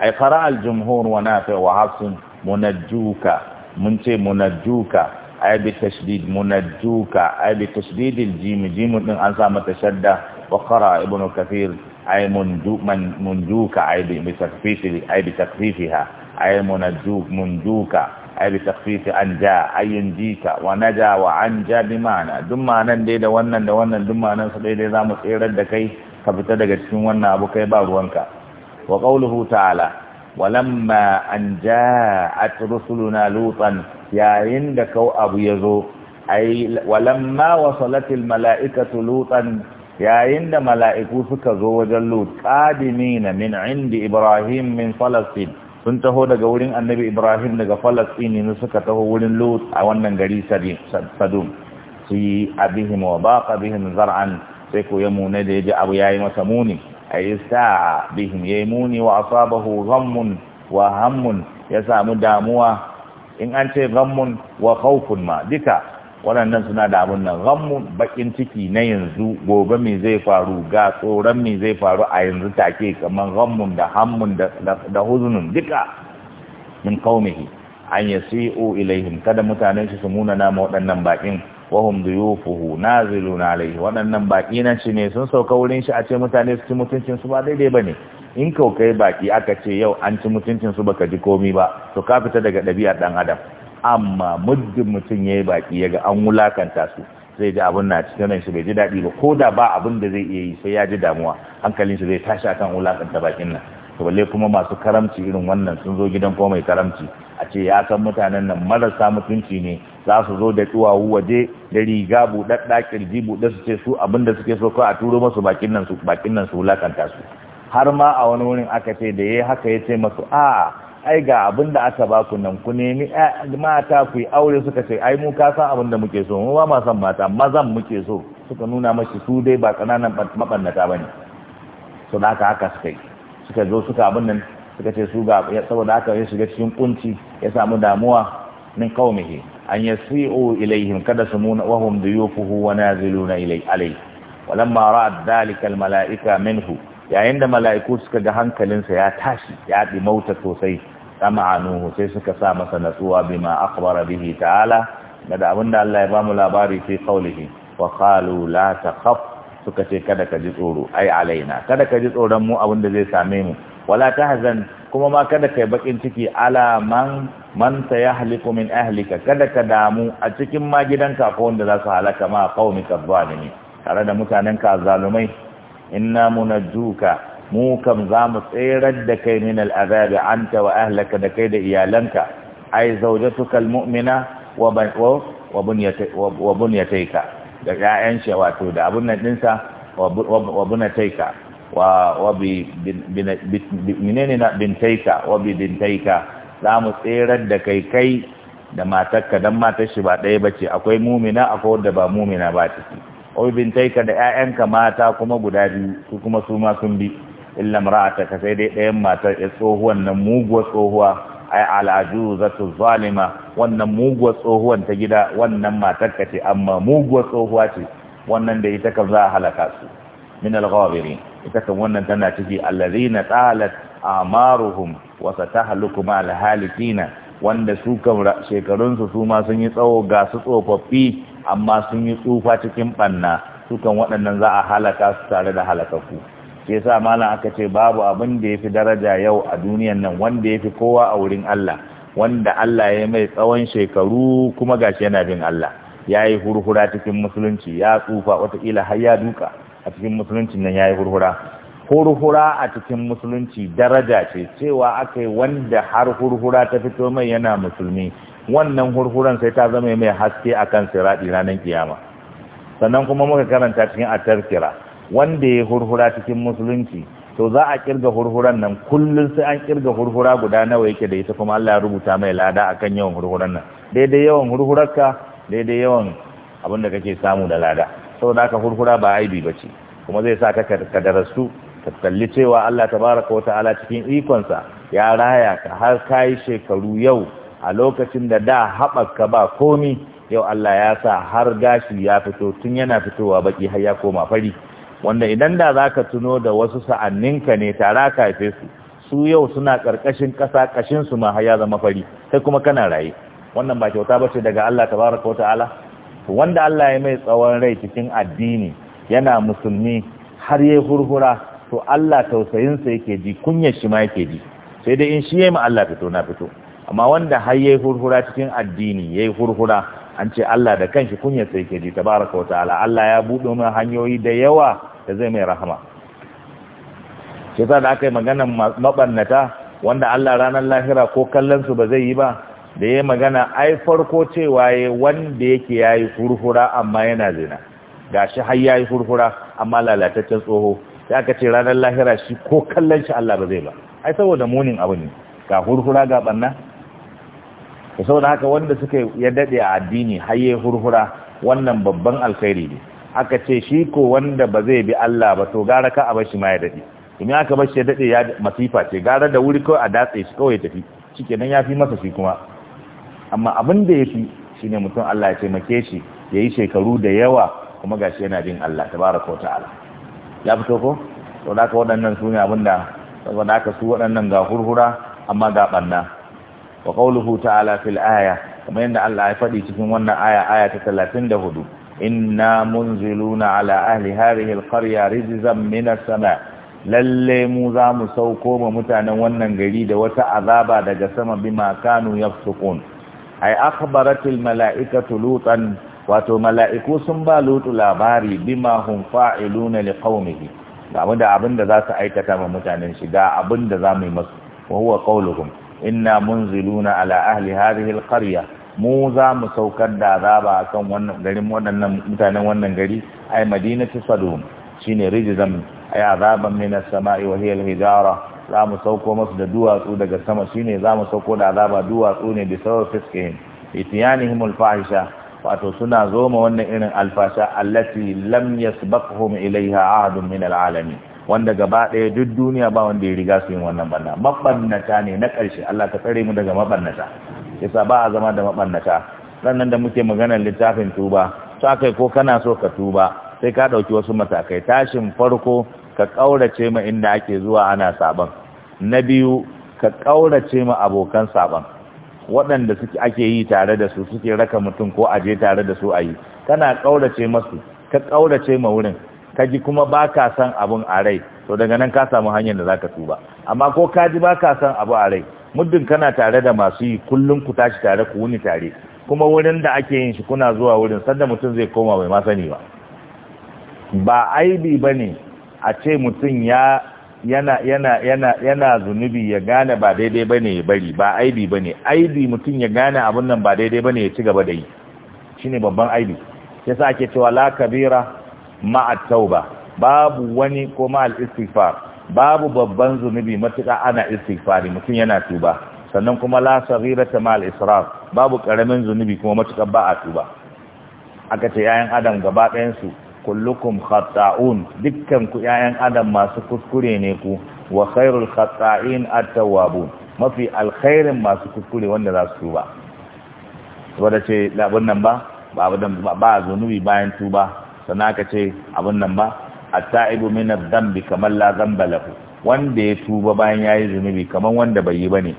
ai fara aljumhur wa nafi wa hafsun munajjuka mun ce munajjuka ai bi tashdid munajjuka ai bi tashdidil jim jim din an sa mata shadda wa qara ibnu kathir أي منجو من منجوك أي بتخفيف أي بتخفيفها أي منجوك منجوك أي بتخفيف أنجا أي ينجيك ونجا وعنجا بمعنى دم معنى دي دا ونن دم معنى سدي دي زامو سيرا دا كي كفتا أبو كي باروانك وقوله تعالى ولما أن جاءت رسلنا لوطا يا عندك أبو يزو أي ولما وصلت الملائكة لوطا yayin da mala'iku suka zo wajen lut qadimina min indi ibrahim min falastin sun taho daga wurin annabi ibrahim daga falastin ne suka taho wurin lut a wannan gari sadun su yi abihim wa baqa bihim zar'an sai ko ya mune da ji abu yi masa muni ay sa'a bihim muni wa asabahu ghammun wa hammun ya samu damuwa in an ce ghammun wa khawfun ma duka waɗannan suna da abun nan ranmu bakin ciki na yanzu gobe mai zai faru ga tsoron mai zai faru a yanzu take kamar ranmu da hammun da huzunin duka min kaumihi an yasi'u ilaihim kada mutanen shi su muna nama waɗannan bakin wahum zilu na alaihi waɗannan baƙi na shi ne sun sauka wurin shi a ce mutane su ci mutuncin su ba daidai ba ne. in kaukai baƙi aka ce yau an ci mutuncin su baka ji komi ba to ka fita daga ɗabi'ar ɗan adam amma muddin mutum ya yi baki ya ga an wulakanta su zai ji abin na cikin ran bai ji daɗi ba ko da ba abin da zai iya yi sai ya ji damuwa hankalin shi zai tashi akan wulakanta bakin nan to balle kuma masu karamci irin wannan sun zo gidan kuma mai karamci a ce ya san mutanen nan marasa mutunci ne za su zo da duwawu waje da riga buɗaɗɗa kirji buɗe su ce su abin da suke so ko a turo masu bakin nan su bakin nan su wulakanta su har ma a wani wurin aka ce da ya haka ya ce masu a ai ga abin da aka ba ku nan ku nemi mata ku yi aure suka ce ai mu ka san abin da muke so mu ba ma san mata mazan muke so suka nuna mashi su dai ba kananan mabannata ba ne su da aka haka suka yi suka zo suka abin nan suka ce su ga saboda haka ya shiga cikin kunci ya samu damuwa min muke an siyo ilaihim kada su nuna wa huwa duyufuhu wa naziluna ilai alai walamma ra'at dhalika mala'ika minhu yayin da mala'iku suka ga hankalinsa ya tashi ya ɗi mota sosai tama'anuhu sai suka sa masa natsuwa bima akhbara bihi ta'ala da abinda Allah ya bamu labari fi qawlihi wa qalu la takhaf suka ce kada ka ji tsoro ai alaina kada ka ji tsoron mu abinda zai same mu wala tahzan kuma ma kada kai bakin ciki ala man man sayahliku min ahlika kada ka damu a cikin ma gidanka ko wanda za su halaka ma qaumika zalimi tare da mutanen ka zalumai inna munajjuka mu kam za mu tserar da kai min al'azabi anta wa ahlaka da kai da iyalanka ai zaujatuka almu'mina wa wa bunyataika da ƴaƴan shi wato da abun nan dinsa wa bunyataika wa wa bi minene na bintaika wa bi bintaika za mu tserar da kai kai da matarka dan matar shi ba ɗaya ba ce. akwai mumina akwai wanda ba mumina ba ciki wa bi bintaika da ƴaƴanka mata kuma guda biyu su kuma su ma sun bi illa imra'ataka sai dai ɗayan matar ya tsohuwan nan muguwa tsohuwa ay al'ajuzatu zalima wannan muguwa tsohuwan ta gida wannan matar ka ce amma muguwa tsohuwa ce wannan da ita kan za a halaka su min al-ghabirin ita kan wannan tana ciki allazina talat amaruhum wa satahluku ma al-halikina wanda su kan shekarun su su ma sun yi tsawo ga su tsofaffi amma sun yi tsufa cikin banna su kan waɗannan za a halaka su tare da halakaku ke sa malam aka ce babu abin da ya fi daraja yau a duniyan nan wanda ya fi kowa a wurin Allah wanda Allah ya mai tsawon shekaru kuma gashi yana bin Allah ya yi hurhura cikin musulunci ya tsufa watakila har ya duka a cikin musulunci nan ya yi hurhura hurhura a cikin musulunci daraja ce cewa aka yi wanda har hurhura ta fito mai yana musulmi wannan hurhuran sai ta zama mai haske akan siradi ranar kiyama sannan kuma muka karanta cikin atarkira wanda ya hurhura cikin musulunci to za a kirga hurhuran nan kullum sai an kirga hurhura guda nawa yake da ita kuma Allah ya rubuta mai lada akan yawan hurhuran nan daidai yawan hurhurar ka daidai yawan abin da kake samu da lada saboda haka hurhura ba aibi bace kuma zai sa ka ka darasu ka kalli cewa Allah tabaraka ta'ala cikin sa ya raya ka har kai shekaru yau a lokacin da da haɓaka ba komi yau Allah ya sa har gashi ya fito tun yana fitowa baki har ya koma fari wanda idan da za ka tuno da wasu sa'anninka ne tara kafe su su yau suna ƙarƙashin ƙasa ƙashinsu ma haya zama fari sai kuma kana raye wannan ba kyauta ba ce daga Allah tabaraka wa ta'ala wanda Allah ya mai tsawon rai cikin addini yana musulmi har ya hurhura to Allah tausayinsa yake ji kunyar shi ma yake ji sai dai in shi ya yi ma Allah fito na fito amma wanda har ya hurhura cikin addini ya hurhura an ce Allah da kanshi kunyar sai ke ji tabaraka wa ta'ala Allah ya buɗe mana hanyoyi da yawa da zai mai rahama shi da aka yi maganar mabannata wanda Allah ranar lahira ko kallon su ba zai yi ba da yayi magana ai farko cewa yayi wanda yake yayi furfura amma yana zina gashi har yayi furfura amma lalataccen tsoho sai aka ce ranar lahira shi ko kallon shi Allah ba zai ba ai saboda munin abu ne ga furfura ga banna to saboda haka wanda suka ya dade a addini har hurhura wannan babban alkhairi ne aka ce shi ko wanda ba zai bi Allah ba to gara ka a bashi ma ya dade in aka bar ya dade ya masifa ce gara da wuri kawai a datse shi kawai ya tafi nan ya fi masa shi kuma amma abin da ya fi shine mutum Allah ya taimake shi yayi shekaru da yawa kuma gashi yana bin Allah tabaraka wa ta'ala ya fito ko to da ka waɗannan su ne abinda saboda haka su waɗannan ga hurhura amma ga banna wa qawluhu ta'ala fil aya kuma yadda Allah ya faɗi cikin wannan aya aya ta 34 inna munziluna ala ahli hadhihi alqarya rizqan minas sama lalle mu za mu sauko wa mutanen wannan gari da wata azaba daga sama bima kanu yafsukun ai akhbaratil mala'ikatu lutan wato mala'iku sun ba lutu labari bima hum fa'iluna liqaumihi ga abinda abinda za su aikata ma mutanen shi ga abinda za mu yi masu wa huwa qauluhum inna munziluna ala ahli hadhihi alqarya mu za mu saukar da azaba akan wannan garin waɗannan mutanen wannan gari ay madinatu sadum shine rijzan ay azaban min as-sama'i wa hiya al-hijara za mu sauko masu da duwatsu daga sama shine za mu sauko da azaba duwatsu ne da sawar fiskihim itiyanihim al-fahisha wato suna zoma wannan irin alfasha allati lam yasbaqhum ilaiha ahadun min al-alamin wanda gaba ɗaya duk duniya ba wanda ya riga su yin wannan banna mabannata ne na ƙarshe Allah ta tsare mu daga mabannata yasa ba a zama da mabannata sannan da muke maganar littafin tuba to akai ko kana so ka tuba sai ka ɗauki wasu matakai tashin farko ka ƙaurace ma inda ake zuwa ana saban na biyu ka ƙaurace ma abokan saban waɗanda suke ake yi tare da su suke raka mutum ko aje tare da su a yi kana ƙaurace masu ka ƙaurace ma wurin Ka ji kuma ba ka san abun a rai to daga nan ka samu hanyar da za ka tuba amma ko kaji ba ka san abu a rai muddin kana tare da masu yi kullum ku tashi tare ku wuni tare kuma wurin da ake yin shi kuna zuwa wurin sanda mutum zai koma mai ma sani ba ba aibi ba ne a ce mutum yana zunubi ya gane ba daidai bane ya bari ba aibi bane aibi mutum ya gane abun nan ba daidai bane ya ci gaba da yi shine babban aibi yasa ake cewa la kabira ma'a tauba babu wani ko ma'al istighfar babu babban zunubi matuƙa ana istighfari mutum yana tuba sannan kuma la ta ma'al israf babu ƙaramin zunubi kuma matuƙa ba a tuba aka ce yayan adam gaba ɗayan su kullukum khata'un dukkan yayan adam masu kuskure ne ku wa khairul khata'in at mafi alkhairin masu kuskure wanda za su tuba saboda ce labun nan ba ba zunubi bayan tuba sannan aka ce abin nan ba a taibu minar zambi kamar la zamba lafi wanda ya tuba bayan ya yi zunubi kamar wanda bai yi ba ne.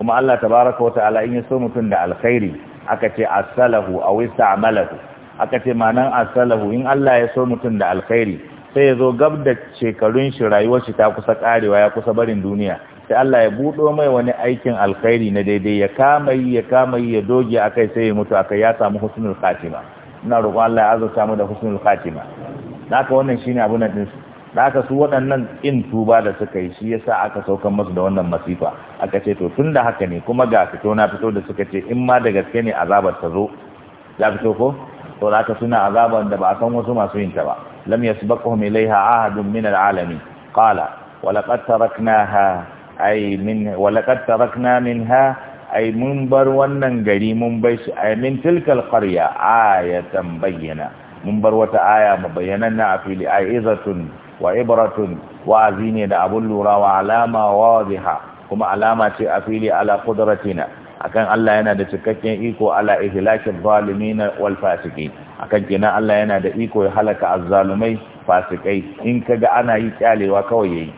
kuma Allah ta baraka wata ala in ya so mutum da alkhairi aka ce a salahu a ista'malahu aka ce ma'anan asalahu in Allah ya so mutum da alkhairi sai ya zo gab da shekarun shi rayuwar shi ta kusa karewa ya kusa barin duniya sai Allah ya buɗo mai wani aikin alkhairi na daidai ya kama yi ya kama yi ya doge akai sai ya mutu akai ya samu husnul khatima ina roƙon Allah ya azurta mu da husnul khatima haka wannan ne abun nan dinsu haka su waɗannan in tuba da suka yi shi yasa aka saukan musu da wannan masifa aka ce to tunda haka ne kuma ga fito na fito da suka ce in ma da gaske ne azabar ta zo ya fito ko to haka suna azabar da ba a san wasu masu yin ta ba lam yasbaquhum ilaiha ahadun min alami qala wa laqad taraknaha ay min wa laqad tarakna minha ai mun bar wannan gari mun bai shi ai min tilkal qarya ayatan bayyana mun bar wata aya mabayyananna a fili ai izatun wa ibratun wa azine da abun lura wa alama wadiha kuma alama ce a fili ala qudratina akan Allah yana da cikakken iko ala ihlakin zalimin wal fasiqin akan kina Allah yana da iko ya halaka azzalumai fasikai in kaga ana yi kyalewa kawai yayi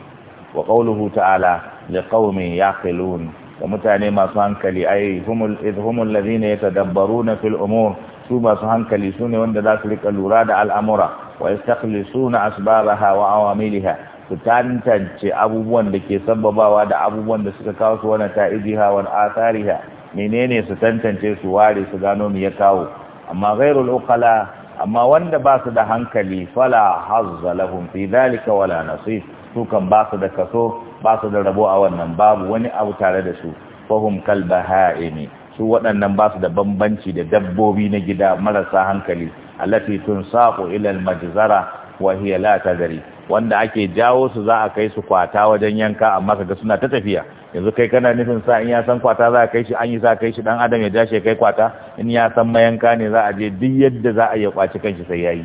wa qawluhu ta'ala liqaumin yaqilun da mutane masu hankali ai humul izhumul ladina yatadabbaruna fil umur su masu hankali su ne wanda za su rika lura da al'amura wa yastakhlisuna asbabaha wa awamiliha su tantance abubuwan da ke sababawa da abubuwan da suka kawo su wani ta'ijiha wa athariha menene su tantance su ware su gano me ya kawo amma ghairul uqala amma wanda ba su da hankali fala hazza lahum fi dhalika wala nasib su kan ba su da kaso ba su da rabo a wannan babu wani abu tare da su fahum kal bahaimi su waɗannan ba su da bambanci da dabbobi na gida marasa hankali a tunsaqu saƙo ilal majzara wa hiya la tadri wanda ake jawo su za a kai su kwata wajen yanka amma kaga suna ta tafiya yanzu kai kana nufin sa in ya san kwata za a kai shi an yi sa kai shi dan adam ya ja shi kai kwata in ya san mayanka ne za a je duk yadda za a yi kwaci kanshi sai yayi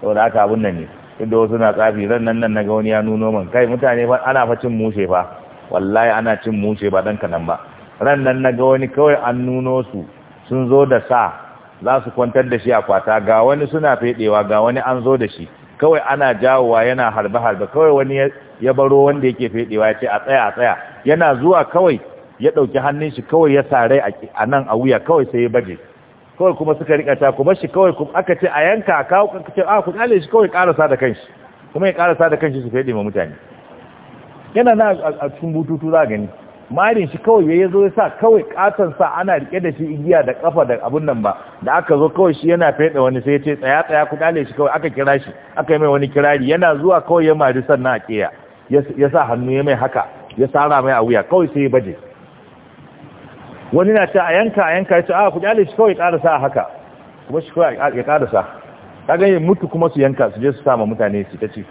saboda haka abun nan ne inda wasu na tsafi ran nan nan naga wani ya nuno man kai mutane fa ana fa cin mushe fa wallahi ana cin mushe ba dan kanan ba ran nan naga wani kawai an nuno su sun zo da sa za su kwantar da shi a kwata ga wani suna fedewa ga wani an zo da shi kawai ana jawowa yana harbe harbe kawai wani ya baro wanda yake fedewa ya ce a tsaya a tsaya yana zuwa kawai ya dauki hannun shi kawai ya sare a nan a wuya kawai sai ya baje kawai kuma suka rika ta kuma shi kawai kuma aka ce a yanka kawo a ah, ku kale shi kawai karasa da kanshi kuma ya karasa da kanshi su fede ma mutane yana na a cikin bututu za gani marin shi kawai ya zo sa kawai katon sa ana rike da shi igiya da kafa da abun nan ba da aka zo kawai shi yana fede wani sai ya ce tsaya tsaya ku kale shi kawai aka kira shi aka yi mai wani kirari yana zuwa kawai ya mari sannan a ƙeya ya sa hannu ya mai haka ya sara mai a wuya kawai sai ya baje wani na ta a yanka a yanka ya a ah, ku kyale shi kawai karasa haka kuma shi kawai ya karasa ta ganye mutu kuma su yanka su je su sama mutane su ta ci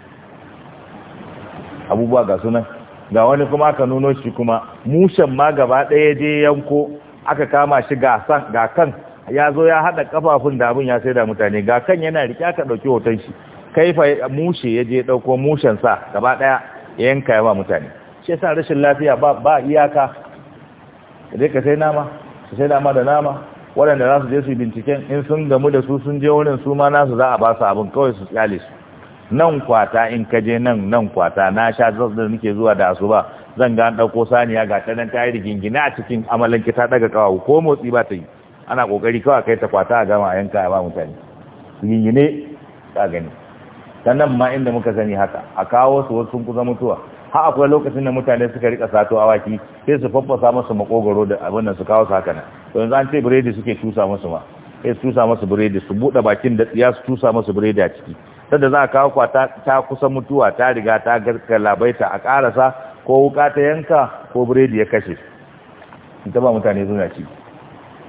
abubuwa ga sunan ga wani kuma aka nuno shi kuma mushen ma gaba ɗaya je yanko aka kama shi ga kan ya zo ya haɗa kafafun da abin ya sai da mutane ga kan yana riƙe aka ɗauki hoton shi kai fa mushe ya je ɗauko mushen sa gaba ɗaya yanka ya ba mutane shi yasa rashin lafiya ba iyaka dai ka sai nama su sai nama da nama waɗanda za su je su binciken in sun gamu da su sun je wurin su ma nasu za a ba su abin kawai su kyale su nan kwata in ka je nan nan kwata na sha zas da nake zuwa da asuba zan ga ɗauko saniya ga ta nan ta yi rigingina a cikin amalan ki ta ɗaga kawo ko motsi ba ta yi ana kokari kawai kai ta kwata a gama a yanka a ba mutane rigingine ta gani ta nan ma inda muka sani haka a kawo su wasu sun kusa mutuwa har akwai lokacin da mutane suka rika sato awaki sai su fafasa masu makogoro da abin da su kawo su haka nan yanzu an ce biredi suke tusa masu ma sai su tusa masu biredi su buɗe bakin da tsiya su cusa masu biredi a ciki sadda za a kawo kwa ta, kusa mutuwa ta riga ta garka labaita a karasa ko wuka ta yanka ko biredi ya kashe ita ba mutane suna ci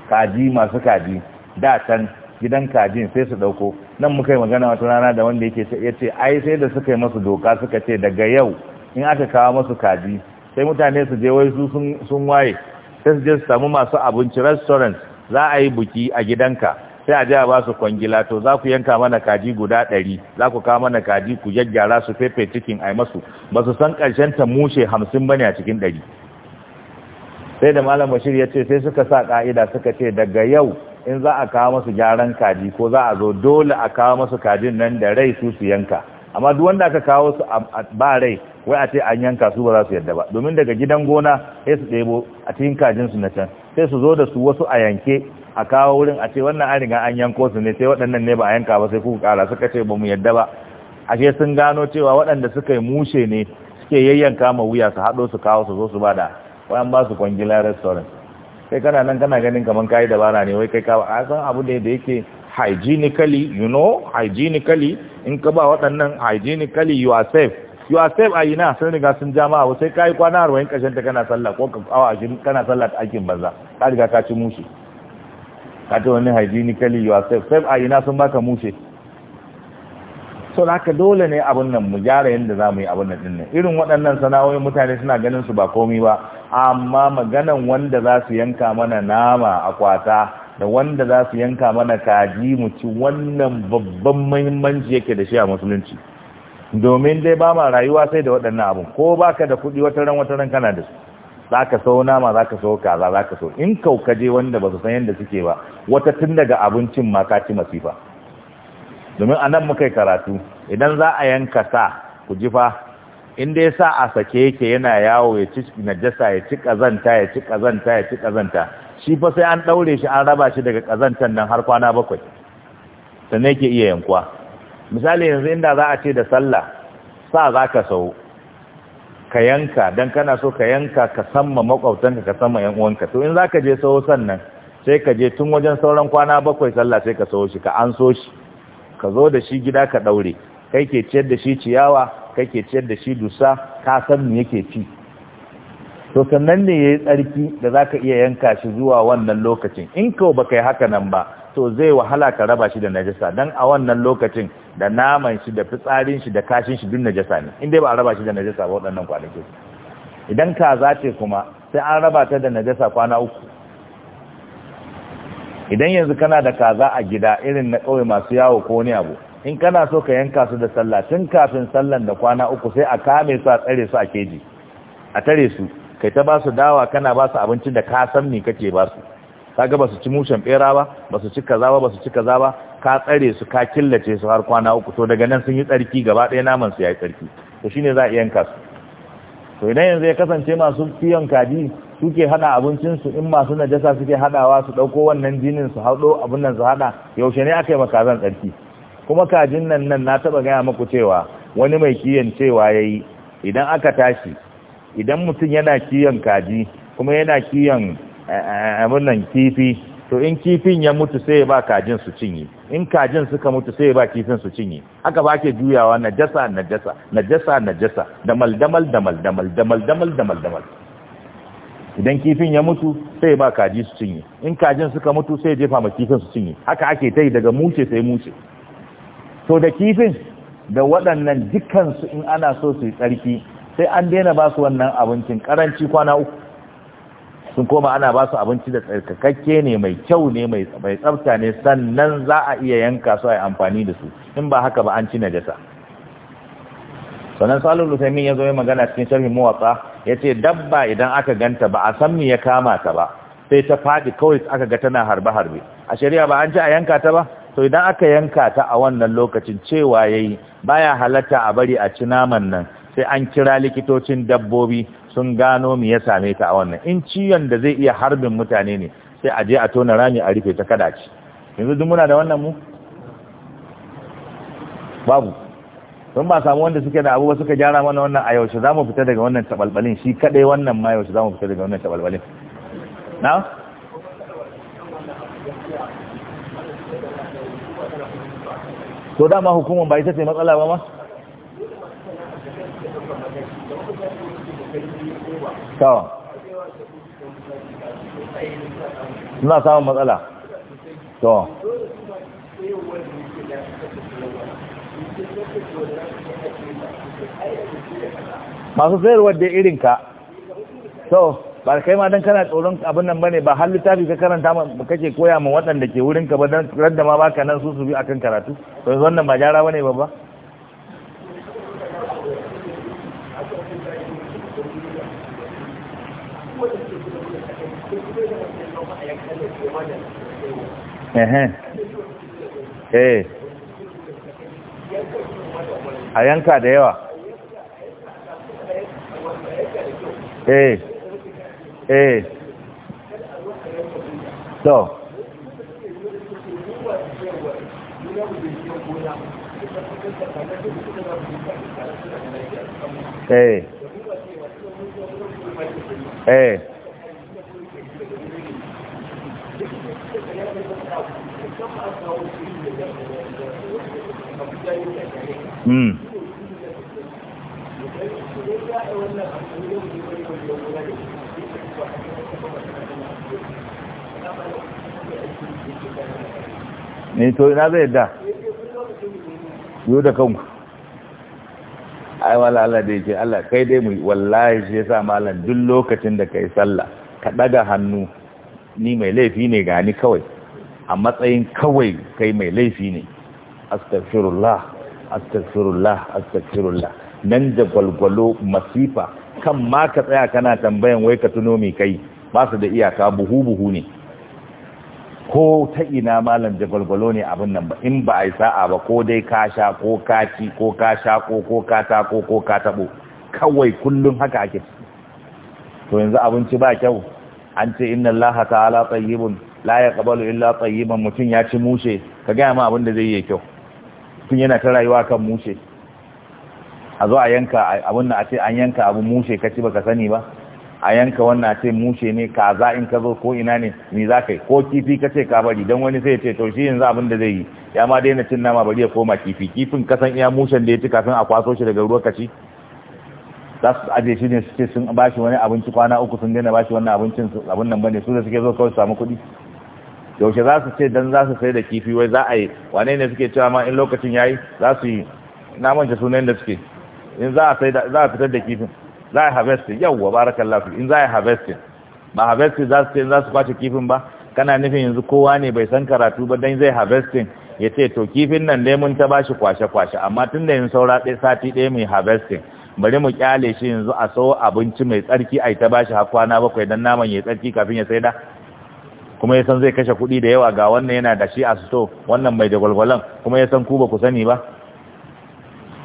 kaji masu kaji da can gidan kajin sai su dauko nan muka yi magana wata rana da wanda yake ya ce ai sai da suka yi masu doka suka ce daga yau in aka kawo masu kaji sai mutane su je wai su sun waye sai su je su samu masu abinci restaurant za a yi buki a gidanka sai a je a ba su kwangila to za ku yanka mana kaji guda ɗari za ku kawo mana kaji ku gyaggyara su fefe cikin ai masu ba su san ƙarshen ta mushe hamsin bane a cikin ɗari sai da malam bashir ya ce sai suka sa ƙa'ida suka ce daga yau in za a kawo masu gyaran kaji ko za a zo dole a kawo masu kajin nan da rai su su yanka amma duk wanda aka kawo su ba rai wai a ce an yanka su ba za su yadda ba domin daga gidan gona sai su ɗebo a cikin kajin na can sai su zo da su wasu a yanke a kawo wurin a ce wannan an riga an yanko su ne sai waɗannan ne ba a yanka ba sai kuka kara suka ce ba mu yadda ba ashe sun gano cewa waɗanda suka yi mushe ne suke yayyanka ma wuya su haɗo su kawo su zo su bada wayan ba su kwangila restaurant kai kana nan kana ganin kaman kayi dabara ne wai kai ka a san abu da yake hygienically you know hygienically in ka ba waɗannan hygienically you are safe you are same a ah, ina sun riga sun jama'a wasu sai kai kwana arwa'in ƙarshen ta kana sallah ko awa ashirin kana sallah ta aikin banza ka riga ka ci mushe ka ta wani hygienically you are safe same a ah, ina sun baka mushe so da haka dole ne abin nan mu gyara yadda za mu yi abin nan ne irin waɗannan sana'o'in mutane suna ganin su ba komi ba amma maganan wanda za su yanka mana nama a kwata da wanda za su yanka mana kaji mu ci wannan babban muhimmanci yake da shi a musulunci domin dai ba ma rayuwa sai da waɗannan abin. ko ba ka da kuɗi wata ran wata ran kana da su za ka sau nama za ka sau kaza za ka sau in kaukaje wanda ba su san yadda suke ba wata tun daga abincin ma ka ci masifa domin a nan muka yi karatu idan za a yanka sa ku ji fa in dai sa a sake yake yana yawo ya ci najasa ya ci kazanta ya ci kazanta ya ci kazanta shi fa sai an ɗaure shi an raba shi daga kazantan nan har kwana bakwai sannan yake iya yankuwa misali yanzu inda za a ce da sallah sa za ka sau ka yanka don kana so ka yanka ka samma makwabtanka ka samma yan uwanka to in za ka je sau sannan sai ka je tun wajen sauran kwana bakwai sallah sai ka sau shi ka an so shi ka zo da shi gida ka ɗaure, kai ke ciyar da shi ciyawa kai ke ciyar da shi dusa ka san me yake ci to sannan ne yayi tsarki da za ka iya yanka shi zuwa wannan lokacin in ka ba yi haka nan ba to zai wahala ka raba shi da najasa don a wannan lokacin da naman shi da fitsarin shi da kashin shi duk najasa ne in dai ba a raba shi da najasa ba waɗannan kwanaki idan kaza ce kuma sai an raba ta da najasa kwana uku idan yanzu kana da kaza a gida irin na ƙauye masu yawo ko wani abu in kana so ka yanka su da sallah tun kafin sallan da kwana uku sai a kame su a tsare su a keji a tare su kai ta ba su dawa kana ba su abinci da ka san me kake ba su kaga ba su ci mushen bera ba ba su ci kaza ba ba su ci kaza ba ka tsare su ka killace su har kwana uku to daga nan sun yi tsarki gaba ɗaya naman su yayi tsarki to shine za a yanka su to idan yanzu ya kasance masu kiyon kaji suke hada abincin su in masu najasa suke haɗawa su ɗauko wannan jinin su haɗo abin nan su haɗa, yaushe ne aka yi maka zan tsarki kuma kajin nan nan na taba gaya muku cewa wani mai kiyon cewa yi, idan aka tashi idan mutum yana kiyon kaji kuma yana kiyon eh, eh, abin nan kifi to in kifin ya mutu sai ya ba kajin su cinye in kajin suka mutu sai ya ba kifin su cinye haka ba ke juyawa na jasa na jasa damal damal damal damal damal damal damal damal idan kifin ya mutu sai ya ba kaji su cinye in kajin suka mutu sai ya jefa ma kifin su cinye haka ake ta daga muce sai muce to da kifin da waɗannan su in ana so su yi tsarki sai an daina ba su wannan abincin karanci kwana uku sun koma ana ba su abinci da tsarkakakke ne mai kyau ne mai tsabta ne sannan za a iya yanka su a amfani da su in ba haka ba an ci najasa sannan salon lusaimin ya zo ya magana cikin sharhin mawatsa ya ce dabba idan aka ganta ba a san me ya kama ta ba sai ta faɗi kawai aka ga tana harbe-harbe a shari'a ba an ci a yanka ta ba to idan aka yanka ta a wannan lokacin cewa yayi baya halatta a bari a ci naman nan sai an kira likitocin dabbobi sun gano me ya same ta a wannan in ciyon da zai iya harbin mutane ne sai a je a tona rami a rufe ta kada ci yanzu duk muna da wannan mu babu don ba samu wanda suke da abubuwa suka gyara mana wannan a yaushe za mu fita daga wannan tabalbalin shi kadai wannan ma yaushe za mu fita daga wannan tabalbalin na? to dama hukumar ba ita ce matsala ba ma? kyakkyawan suna samun matsala to masu sayarwar da irinka to ba kai ma don kana tsoron abin nan bane ba har littafi ka karanta ma kake koya ma waɗanda ke wurinka ba don radda ma baka nan su su bi akan karatu to wannan ba jara bane ba ba eh a yanka da yawa eh eh to eh, eh. ne hmm. eh, to ina zai da yi da kanku ai wala Allah da yake Allah kai dai mu wallahi shi yasa malam duk lokacin da kai sallah ka daga hannu ni mai laifi ne gani kawai a matsayin kawai kai mai laifi ne astaghfirullah astaghfirullah astaghfirullah nan da gwalgwalo masifa kan ma ka tsaya kana tambayan wai ka tuno mai kai ba su da iyaka buhu buhu ne ko ta ina malam da gwalgwalo ne abin nan ba in ba a yi sa'a ba ko dai ka sha ko ka ci ko ka sha ko ko ka ta ko ko ka tabo kawai kullum haka ake to yanzu abinci ba kyau an ce inna allaha ta'ala tayyibun la yaqbalu illa tayyiban mutun ya ci mushe ka ga ma abin da zai yi kyau mutum yana ta rayuwa kan mushe a zo a yanka abin da a ce an yanka abu mushe ka ci baka sani ba a yanka wannan a ce mushe ne kaza in ka zo ko ina ne me za ka yi ko kifi ka ce ka bari don wani sai ya ce to shi yanzu abin da zai yi ya ma daina cin nama bari ya koma kifi kifin kasan iya mushen da ya ci kafin a kwaso shi daga ruwa ka ci za su aje shi ne su ce sun bashi wani abinci kwana uku sun daina bashi wannan abincin abin nan bane su da suke zo kawai su samu kuɗi yaushe za su ce dan za su sai da kifi wai za a yi wane ne suke cewa ma in lokacin yayi za su yi na manta sunan da suke in za a sai za a fitar da kifin za a harvesting yawwa barakallahu in za a harvesting ba harvesting za su ce za su kwace kifin ba kana nufin yanzu kowa ne bai san karatu ba dan zai harvesting ya ce to kifin nan dai mun ta bashi kwashe kwashe amma tun da yin saura ɗaya sati ɗaya mai harvesting bari mu kyale shi yanzu a so abinci mai tsarki a ta bashi har kwana bakwai don naman ya tsarki kafin ya saida kuma ya san zai kashe kuɗi da yawa ga wannan yana da shi a sito wannan mai dagwalgwalan kuma ya san ku ba ku sani ba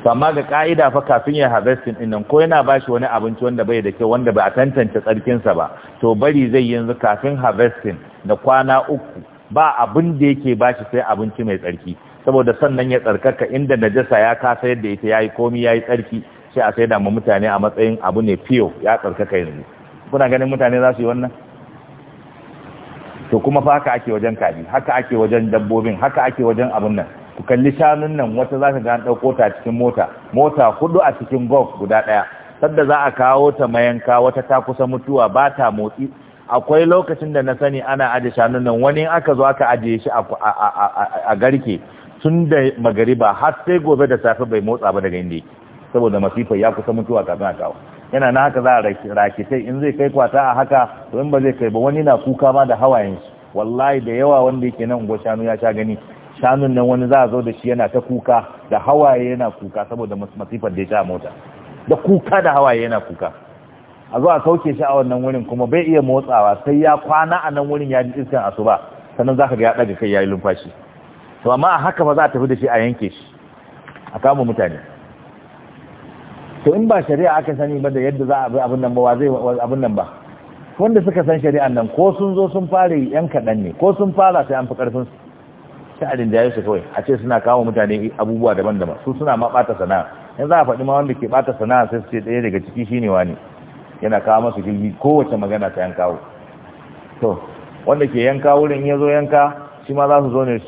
amma ga ka'ida fa kafin ya harvesting din nan ko yana bashi wani abinci wanda bai da kyau wanda ba a tantance tsarkinsa ba to bari zai yanzu kafin harvesting da kwana uku ba abin da yake bashi sai abinci mai tsarki saboda sannan ya tsarkaka inda najasa ya kasa yadda ita yayi komi yayi tsarki sai a saida ma mutane a matsayin abu ne fiyo ya tsarkaka yanzu kuna ganin mutane za su yi wannan to kuma fa haka ake wajen kaji haka ake wajen dabbobin haka ake wajen abin nan ku kalli shanun nan wata za ka ga an ɗauko ta cikin mota mota hudu a cikin golf guda ɗaya sadda za a kawo ta mayanka wata ta kusa mutuwa ba ta motsi akwai lokacin da na sani ana aje shanun nan wani aka zo aka ajiye shi a garke tun da magariba har sai gobe da safe bai motsa ba daga inda saboda masifa ya kusa mutuwa kafin a kawo yana na haka za a rakitai in zai kai kwata a haka to in ba zai kai ba wani na kuka ma da hawayen shi wallahi da yawa wanda yake nan ungo shanu ya sha gani shanun nan wani za a zo da shi yana ta kuka da hawaye yana kuka saboda masifar da ya sha mota da kuka da hawaye yana kuka a zo a sauke shi a wannan wurin kuma bai iya motsawa sai ya kwana a nan wurin ya ji iskan asuba sannan za ka ga ya ɗaga kai ya yi lumfashi to amma a haka ba za a tafi da shi a yanke shi a kama mutane to in ba shari'a aka sani ba da yadda za a bi abin nan ba wa zai abin nan ba wanda suka san shari'an nan ko sun zo sun fara yan kaɗan ne ko sun fara sai an fi ƙarfin su ta adin da su kawai a ce suna kawo mutane abubuwa daban-daban su suna ma ɓata sana'a yanzu za a faɗi ma wanda ke ɓata sana'a sai su ce ɗaya daga ciki shine wani yana kawo masu jirgi kowace magana ta kawo to wanda ke yanka wurin ya zo yanka shi ma za su zo ne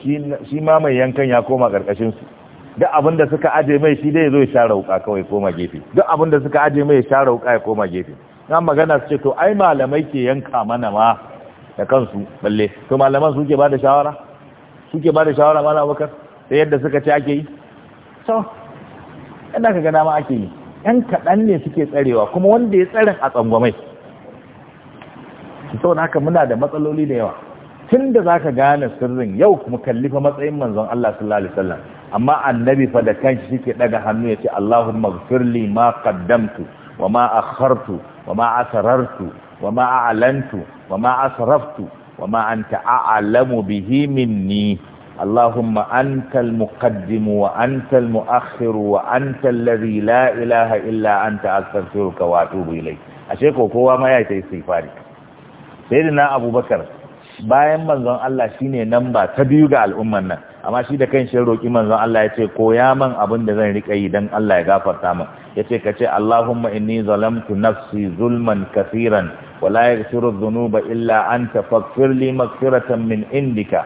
shi ma mai yankan ya koma ƙarƙashin su duk abin da suka aje mai shi dai zo ya share wuka kawai koma gefe duk abin da suka aje mai ya share wuka ya koma gefe nan magana su ce to ai malamai ke yanka mana ma da kansu balle to malaman suke ba da shawara suke ba da shawara mana bakar da yadda suka ce ake yi so yadda ka gana ma ake yi yan kaɗan ne suke tsarewa kuma wanda ya tsarin a tsangwamai su da haka muna da matsaloli da yawa tun da za ka gane sirrin yau kuma kallifa matsayin manzon Allah sallallahu Alaihi wasallam amma annabi fa da kanshi shike daga hannu yace Allahumma ighfirli ma qaddamtu wa ma akhartu wa ma asrartu wa ma a'lantu wa ma asraftu wa ma anta a'lamu bihi minni antal أنت المقدم وأنت المؤخر وأنت الذي لا إله إلا أنت أستغفرك وأتوب إليك أشيكو كوا ما يأتي sai سيدنا أبو Abubakar bayan manzon Allah shine namba ta biyu ga al'umman nan amma shi da kan shi roƙi manzon Allah ya ce koya man abin da zan riƙa yi dan Allah ya gafarta min ya ce ka ce Allahumma inni zalamtu nafsi zulman kafiran wa la yaghfiru dhunuba illa anta faghfir li maghfiratan min indika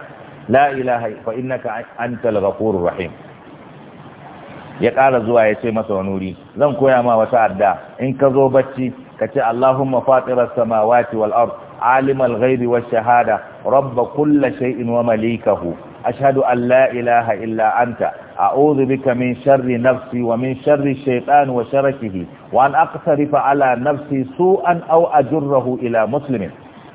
la ilaha fa innaka antal ghafurur rahim ya ƙara zuwa ya ce masa wani wuri zan koya ma wata adda in ka zo bacci ka ce Allahumma fatiras samawati wal ard alimal ghaibi wash shahada rabb kulli shay'in wa malikahu أشهد أن لا إله إلا أنت أعوذ بك min شر nafsi wa min الشيطان وشركه وأن أقترف wa an سوءا أو nafsi إلى مسلم ila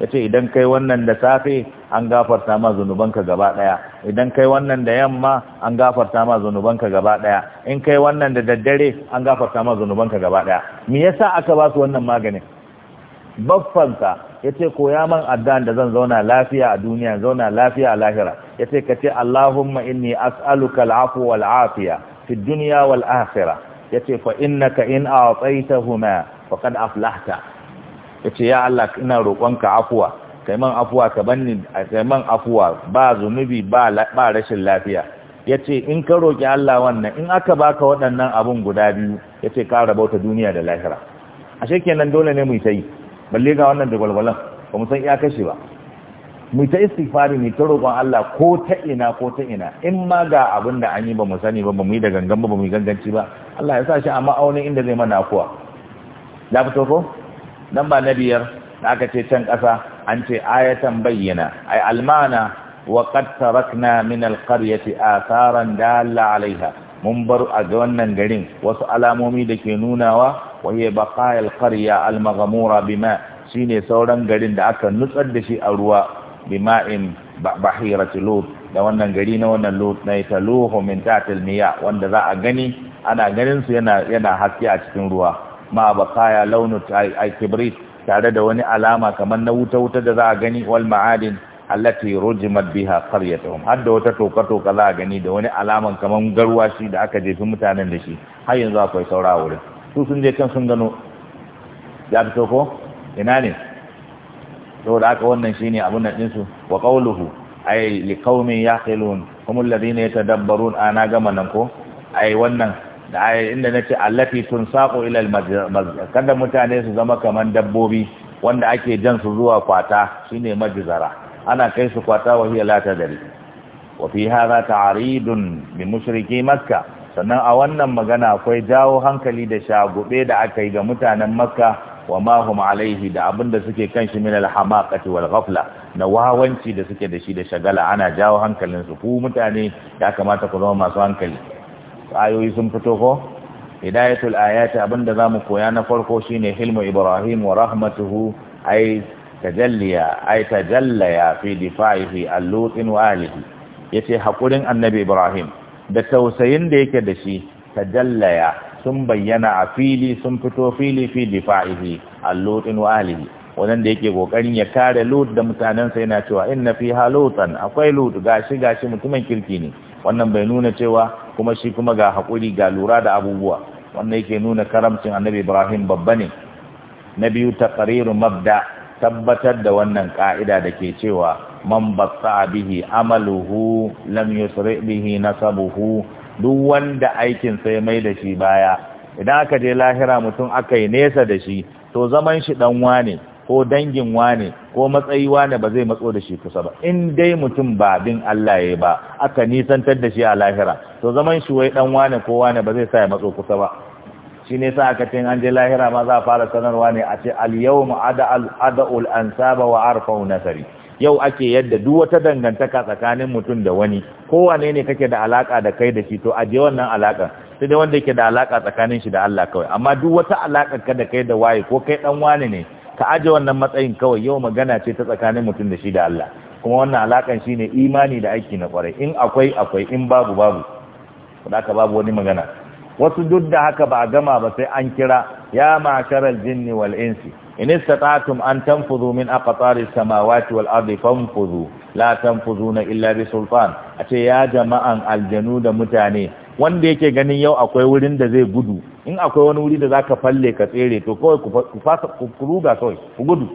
yace idan kai wannan da safe an gafarta ma zanubanka gaba daya idan kai wannan da yamma an gafarta ma zanubanka gaba daya in kai wannan da daddare an gafarta ma zanubanka gaba daya me yasa aka ba su wannan maganin baffanka ya ce koya man addan da zan zauna lafiya a duniya zauna lafiya a lahira ya ce ka ce Allahumma inni as'aluka al'afu wal afiya fi dunya wal akhira ya ce fa innaka in a'taytahuma faqad aflahta ya ce ya Allah ina roƙonka afuwa kai man afuwa ka banni kai man afuwa ba zunubi ba ba rashin lafiya ya ce in ka roƙi Allah wannan in aka baka waɗannan abun guda biyu ya ce ka rabauta duniya da lahira ashe kenan dole ne mu yi ta yi balle ga wannan da gwalgwalan ba mu san iya kashe ba mu ta istighfari ne ta roƙon Allah ko ta ina ko ta ina in ma ga abin da an yi ba mu sani ba ba mu yi da gangan ba ba mu yi ganganci ba Allah ya sa shi a ma'aunin inda zai mana kuwa da fito ko nan ba na biyar da aka ce can ƙasa an ce ayatan bayyana Ayi. almana wa qad tarakna min alqaryati atharan dalla alaiha mun bar a ga wannan garin wasu alamomi da ke nunawa wa Bakayal baqayal qarya al maghmura bima shine sauran garin da aka nutsar da shi a ruwa bima'in bahirati lut da wannan gari na wannan lut na taluhu min tahtil wanda za a gani ana ganin su yana yana haske a cikin ruwa ma baqaya launu ay kibrit tare da wani alama kamar na wuta wuta da za a gani wal ma'adin allati rujimat biha qaryatuhum har da wata toka toka za a gani da wani alama kamar garwashi da aka jefi mutanen da shi har yanzu akwai saura wurin su sun je kan sun gano ya fito ko ina ne saboda aka wannan shine abun nan din su wa qawluhu ay liqaumin yaqilun hum alladhina yatadabbarun ana gama nan ko ai wannan da ai inda nace allati tunsaqu ila al kada mutane su zama kaman dabbobi wanda ake jan su zuwa kwata shine majzara ana kai su kwata wa hiya la tadri wa fi hadha ta'ridun bi mushriki makkah sannan a wannan magana akwai jawo hankali da shagube da aka yi ga mutanen makka wa ma alaihi da abin da suke kan shi min alhamaqati wal ghafla na wawanci da suke da shi da shagala ana jawo hankalin su ku mutane ya kamata ku zama masu hankali ayoyi sun fito ko hidayatul ayati abin da zamu koya na farko shine hilmu ibrahim wa rahmatuhu ay tajalliya ay tajallaya fi difa'ihi al-lut wa alihi yace hakurin annabi ibrahim da tausayin da yake da shi ta jallaya sun bayyana a fili sun fito fili fi difa'ihi a wa ahlihi wannan da yake kokarin ya kare lut da mutanensa yana cewa inna fi halutan akwai lut gashi gashi mutumin kirki ne wannan bai nuna cewa kuma shi kuma ga hakuri ga lura da abubuwa wannan yake nuna karamcin annabi ibrahim babba ne na biyu taqriru mabda tabbatar da wannan ka'ida da ke cewa man batta bihi amaluhu lam yusri bihi nasabuhu duk wanda aikin sai mai da shi baya idan aka je lahira mutum aka yi nesa da shi to zaman shi dan wane ko dangin wane ko matsayi wane ba zai matso da shi kusa ba in dai mutum ba bin Allah yayi ba aka nisantar da shi a lahira to zaman shi wai dan wane ko wane ba zai sa ya matso kusa ba shi ne sa aka ce an je lahira ma za a fara sanarwa ne a ce al yawma ada al ansaba wa arfa nasari yau ake yadda duk wata dangantaka tsakanin mutum da wani kowane ne kake da alaka da kai da shi to aje wannan alaka sai dai wanda yake da alaka tsakanin shi da Allah kawai amma duk wata alaka ka da kai da waye ko kai dan wani ne ka aje wannan matsayin kawai yau magana ce ta tsakanin mutum da shi da Allah kuma wannan alakan shine imani da aiki na kwarai in akwai akwai in babu babu ka babu wani magana wasu duk da haka ba a gama ba sai an kira ya ma'sharal jinni wal insi in istata'tum an tanfudhu min aqtari samawati wal ardi fanfudhu la tanfuzuna illa bi sultan ace ya jama'an aljanu da mutane wanda yake ganin yau akwai wurin da zai gudu in akwai wani wuri da zaka falle ka tsere to kawai ku ku ruga kawai ku gudu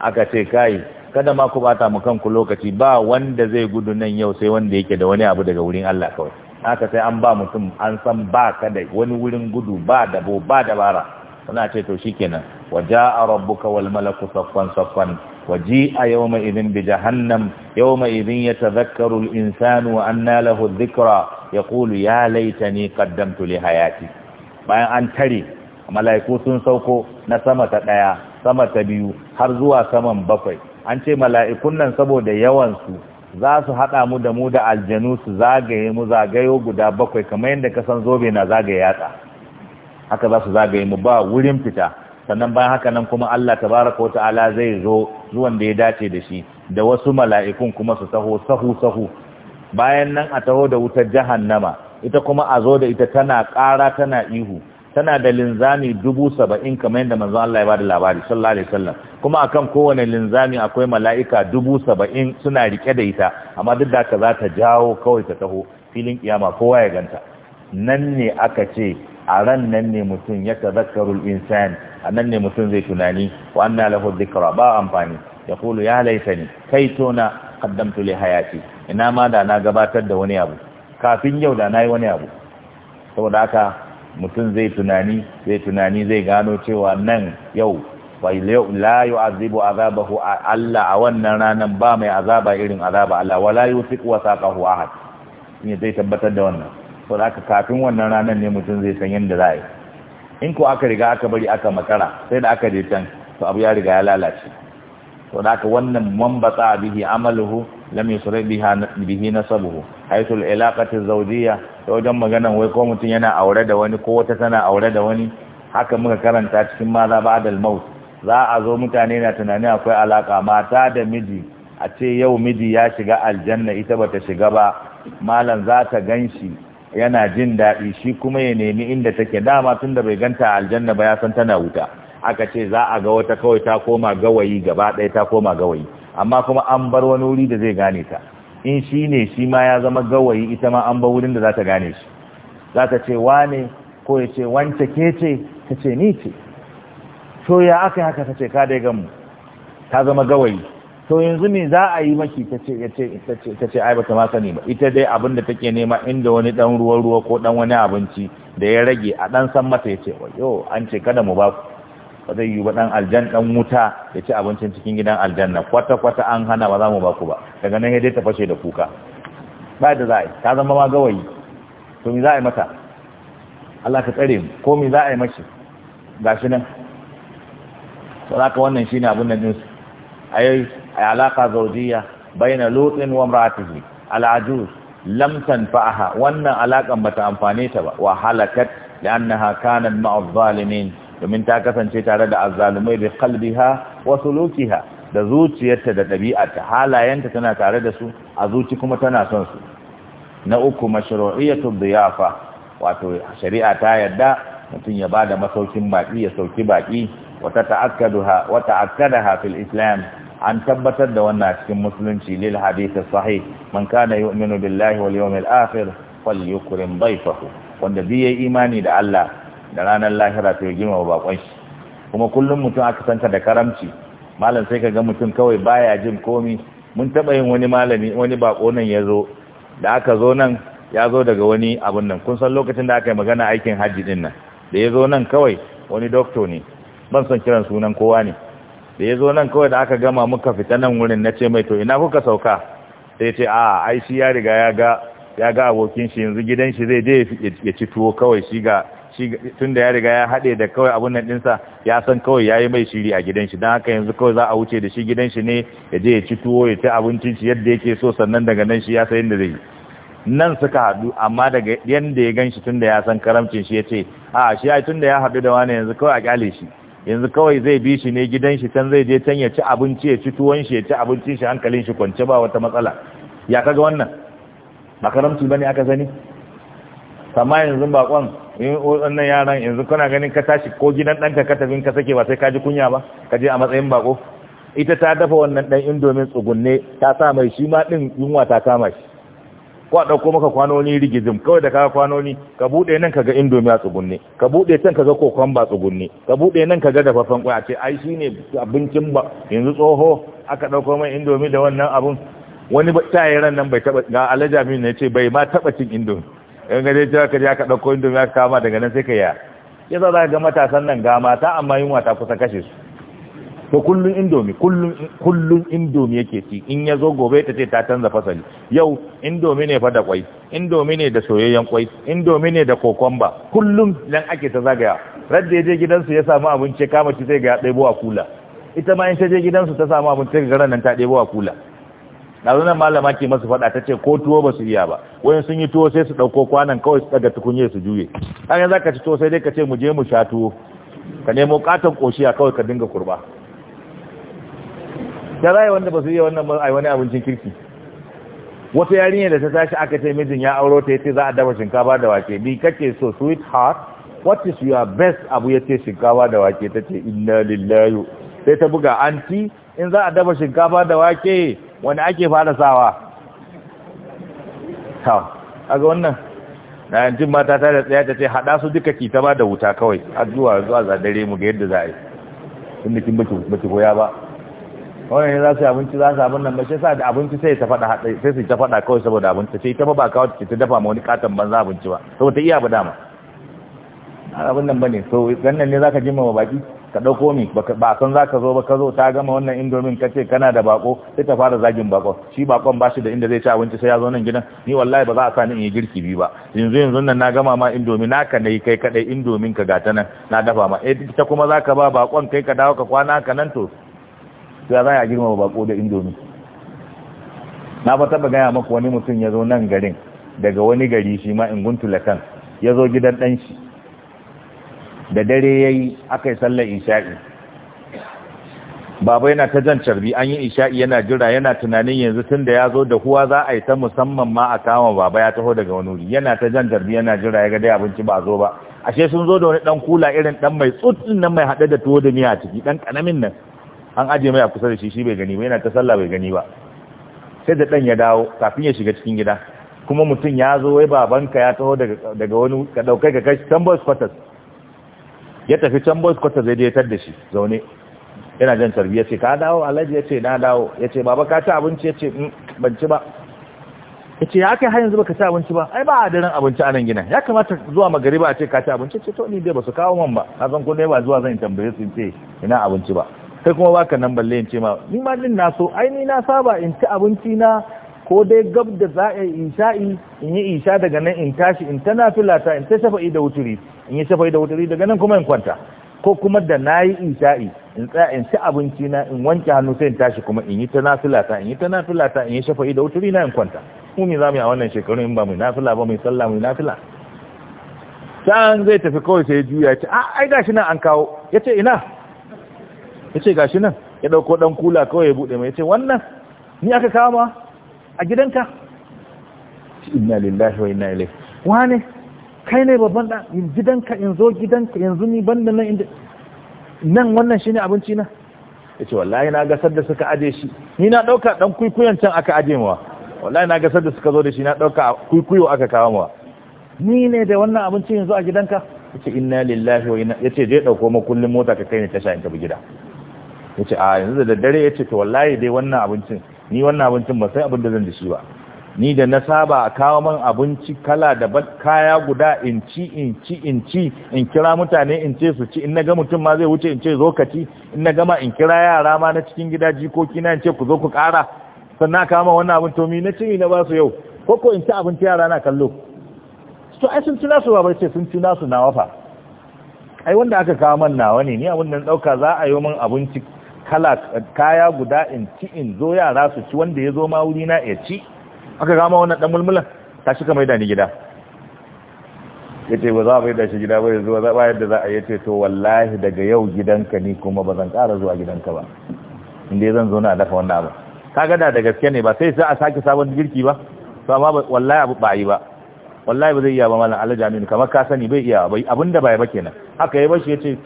aka ce kai kada ma ku bata mu kanku lokaci ba wanda zai gudu nan yau sai wanda yake da wani abu daga wurin Allah kawai haka sai an ba mutum an san ba kada wani wurin gudu ba dabo ba dabara suna ce to shikenan waja'a rabbuka wal malaku saffan saffan waji'a yawma idhin bi jahannam yawma idhin yatadhakkaru al insanu wa anna lahu dhikra yaqulu ya laitani qaddamtu li hayati bayan an tare mala'iku sun sauko na sama ta daya sama ta biyu har zuwa saman bakwai an ce mala'ikun nan saboda yawan su za su haɗa mu da mu da aljanu su zagaye mu zagayo guda bakwai kamar yadda ka san zobe na zagaye yatsa haka za su zagaye mu ba wurin fita sannan bayan haka nan kuma Allah tabaraka wata'ala zai zo zuwan da ya dace da shi da wasu mala'ikun kuma su taho sahu sahu bayan nan a taho da wutar jahannama ita kuma a zo da ita tana ƙara tana ihu tana da linzami dubu saba'in kamar yadda manzon Allah ya bada labari sallallahu alaihi wasallam kuma akan kowane linzami akwai mala'ika dubu saba'in suna rike da ita amma duk da ka za ta jawo kawai ta taho filin kiyama kowa ya ganta nan ne aka ce a ran nan ne mutum ya tazakkarul insani a nan ne mutum zai tunani wa na lahu zikara ba amfani ya kulu ya ni kai tona qaddamtu li hayati ina ma da na gabatar da wani abu kafin yau da na yi wani abu saboda haka mutum zai tunani zai tunani zai gano cewa nan yau la yu'azibu azabahu Allah a wannan ranan ba mai azaba irin azaba Allah wala yusiq wasaqahu ahad ne zai tabbatar da wannan so aka kafin wannan ranar ne mutum zai san yadda za a yi in ko aka riga aka bari aka makara sai da aka je can to abu ya riga ya lalace to da aka wannan mambatsa a bihi amaluhu lam yusri bihi nasabuhu haythu al-ilaqati zawjiyya to wajen maganan wai ko mutum yana aure da wani ko wata tana aure da wani haka muka karanta cikin maza ba'dal maut za a zo mutane na tunani akwai alaka mata da miji a ce yau miji ya shiga aljanna ita bata shiga ba malam za ta gan shi. yana jin daɗi shi kuma ya nemi inda take dama tun da bai ganta aljanna ba ya san tana wuta aka ce za a ga wata kawai ta koma gawayi gaba ɗaya ta koma gawayi amma kuma an bar wani wuri da zai gane ta in shi ne shi ma ya zama gawayi ita ma an bar wurin da za ta gane shi za ta ce wane ko ya ce wance ke ce ta ce ni ce to ya aka haka ta ce ka dai gamu ta zama gawayi to yanzu me za a yi maki ta ce ta ce ai bata ma sani ba ita dai abin da take nema inda wani dan ruwa ruwa ko dan wani abinci da ya rage a dan san mata ya ce yo an ce kada mu ba ba zai yi ba dan aljan dan wuta ya ci abincin cikin gidan aljanna kwata kwata an hana ba za mu ba ku ba daga nan dai ta fashe da kuka ba da za a yi ta zama ma gawayi to me za a yi mata Allah ka tsare mu ko me za a yi mashi gashi nan saboda haka wannan shine abin nan din ayoyi alaka zaujiya baina lutin wa imratihi al'ajuz lam tanfa'aha wannan alakan bata amfane ta ba wa halakat li'annaha kanat ma'a zalimin domin ta kasance tare da azzalumai bi qalbiha wa sulukiha da zuciyarta da ɗabi'ata. halayenta tana tare da su a zuci kuma tana son su na uku mashru'iyatu diyafa wato shari'a ta yadda mutum ya bada masaukin baki ya sauki baki wata ta'akkadaha wata ta'akkadaha fil islam an tabbatar da wannan cikin musulunci lil hadith sahih man kana yu'minu billahi wal yawmil akhir falyukrim dayfahu wanda biye imani da Allah da ranar lahira to girma bakon shi kuma kullum mutum aka santa da karamci malam sai kaga mutum kawai baya jin komi mun taba yin wani malami wani bako nan yazo da aka zo nan ya zo daga wani abun nan kun san lokacin da aka yi magana aikin hajji din nan da ya zo nan kawai wani dokto ne ban son kiran sunan kowa ne da ya zo nan kawai da aka gama muka fita nan wurin na ce mai to ina kuka sauka sai ce a ai shi ya riga ya ga abokin shi yanzu gidan shi zai je ya ci tuwo kawai shi ga tun da ya riga ya haɗe da kawai abun nan ɗinsa ya san kawai ya yi mai shiri a gidan shi don haka yanzu kawai za a wuce da shi gidan shi ne ya je ya ci tuwo ya ci abincin shi yadda yake so sannan daga nan shi ya sayin da zai yi nan suka haɗu amma daga yadda ya gan shi da ya san karamcin shi ya ce a shi ai da ya haɗu da wani yanzu kawai a kyale shi yanzu kawai zai bi shi ne gidan shi can zai je can ya ci abinci ya ci tuwon shi ya ci abincin shi hankalin shi kwance ba wata matsala ya kaga wannan ba bane aka sani amma yanzu bakon in wannan yaran yanzu kana ganin ka tashi ko gidan danka ka tafin ka sake ba sai ka ji kunya ba ka je a matsayin bako ita ta dafa wannan dan indomin tsugunne ta sa mai shi ma din yunwa ta kama shi ko a ɗauko maka kwanoni rigizim kawai da ka kwanoni ka bude nan ka ga indomi a tsugunne ka buɗe can ka kokon ba tsugunne ka buɗe nan ka ga dafaffen kwa a ce ai shine ne abincin ba yanzu tsoho aka ɗauko mai indomi da wannan abun wani ran nan bai taɓa ga alajami ne ce bai ma taɓa cin indomi in ga dai ka je aka ɗauko indomi aka kama daga nan sai ka ya yasa za ka ga matasan nan ga mata amma yunwa ta kusa kashe su to kullun indomi kullun kullun indomi yake ci in yazo gobe ta ce ta canza fasali yau indomi ne fa da kwai indomi ne da soyayyen kwai indomi ne da kokomba kullun dan ake ta zagaya radda ya je gidansu ya samu abinci kama ci sai ga ɗebo a kula ita ma in ta je gidansu ta samu abinci ga ran nan ta ɗebo a kula ɗazu nan malama ke masu faɗa ta ce ko tuwo ba su iya ba wayan sun yi tuwo sai su ɗauko kwanan kawai su ɗaga tukunye su juye hanyar za ka ci tuwo sai dai ka ce mu je mu sha tuwo ka nemo katon ƙoshiya kawai ka dinga kurba da za wanda ba su iya wannan wani abincin kirki wata yarinya da ta tashi aka ce mijin ya auro ta yace za a dafa shinkafa da wake bi kace so sweet heart what is your best abu yace shinkafa da wake tace inna lillahi sai ta buga anti in za a dafa shinkafa da wake wani ake fara sawa ta aga wannan na yantin mata ta da tsaya ta ce hada su duka ki ta ba da wuta kawai har zuwa zuwa dare mu ga yadda za a yi tun kin baki baki goya ba wannan ne za su abinci za su abin nan ba shi sa da abinci sai ta faɗa haɗe sai su ta faɗa kawai saboda abinci ce ita ba ce ta dafa ma wani katon banza abinci ba saboda ta iya ba dama abin nan bane so wannan ne zaka jima ma baki ka dauko min ba san zaka zo ba ka zo ta gama wannan indomin kace kana da bako sai ta fara zagin bako shi bakon ba shi da inda zai ci abinci sai ya zo nan gidan ni wallahi ba za a sani in yi girki bi ba yanzu yanzu nan na gama ma indomi naka yi kai kadai indomin ka gata nan na dafa ma eh, ita ta kuma zaka ba bakon kai ka dawo ka kwana ka nan to ya za a girmama bako da indomi na ba taba gaya maka wani mutum ya zo nan garin daga wani gari shi ma inguntula kan ya zo gidan ɗan shi da dare ya yi aka yi sallar isha'i baba yana ta jan carbi an yi isha'i yana jira yana tunanin yanzu tun da ya zo da huwa za a yi ta musamman ma a kama baba ya taho daga wani wuri yana ta jan carbi yana jira ya ga dai abinci ba zo ba ashe sun zo da wani dan kula irin dan mai tsutsun nan mai haɗe da tuwo da miya ciki dan kanamin nan an aje mai a kusa da shi shi bai gani ba yana ta sallah bai gani ba sai da dan ya dawo kafin ya shiga cikin gida kuma mutum ya zo wai babanka ya taho daga wani ka daukai ka kai can boys ya tafi can squatters zai daitar da shi zaune yana jan tarbiya ce ka dawo alhaji ya ce na dawo ya ce baba ka ci abinci ya ce mm, ban ci ba ya ce ya kai har yanzu baka ci abinci ba ai ba a daren abinci a nan gina ya kamata zuwa magariba a ce ka ci abinci ce to ni dai ba su kawo man ba na zan ko dai ba zuwa zan tambaye su ce ina abinci ba sai kuma baka nan balle in ce ma ni ma din na so ai ni na saba in ci abinci na ko dai gab da za a yi isha'i in yi isha daga nan in tashi in ta nafila ta in ta shafa'i da wuturi in yi shafa'i da wuturi daga nan kuma in kwanta ko kuma da na yi isha'i in tsaya in ci abinci na in wanke hannu sai in tashi kuma in yi ta nafila ta in yi ta nafila ta in yi shafa'i da wuturi na in kwanta mu me za mu yi a wannan shekaru in ba mu nafila ba mu sallah mu nafila sa'an zai tafi kawai sai juya ya ce a ah, ai gashi nan an kawo ya ce ina ya ce gashi nan ya ɗauko ɗan kula kawai ya buɗe mai ya ce wannan ni aka kama a gidanka inna lillahi wa inna ilaihi wane kai ne babban da in gidanka in zo gidanka yanzu ni banda nan inda nan wannan shine abinci na yace wallahi na ga da suka aje shi ni na dauka dan kuikuyan can aka aje mawa wallahi na ga da suka zo da shi na dauka kuikuyo aka kawo mawa ni ne da wannan abinci yanzu a gidanka yace inna lillahi wa inna yace je dauko ma kullun mota ka kai ne tasha in tafi gida ya ce a yanzu da daddare ya ce ta wallahi dai wannan abincin ni wannan abincin ba sai abin da zan da shi ba ni da na saba a kawo man abinci kala da kaya guda in ci in ci in ci in kira mutane in ce su ci in na ga mutum ma zai wuce in ce zo ka ci in na gama in kira yara ma na cikin gida jikoki na in ce ku zo ku kara sannan kawo man wannan abin tomi na ci na ba su yau ko ko in ci abinci yara na kallo to ai sun ci nasu ba bai ce sun ci nasu na wafa ai wanda aka kawo man nawa ne ni abin nan dauka za a yi man abinci kala kaya guda in ci in zo yara su ci wanda ya zo ma wuri na ya ci aka gama wannan dan mulmulan ta shi kamar da ni gida yace ba za bai da shi gida bai zuwa za bayar da za a yace to wallahi daga yau gidanka ni kuma ba zan kara zuwa gidanka ba inda zan zo na dafa wannan abu Ka gada da gaske ne ba sai sai a sake sabon girki ba to amma wallahi abu ba yi ba wallahi ba zai iya ba mallan Allah jami'in kamar ka sani bai iya ba abinda bai ba kenan aka yi bashi ya ce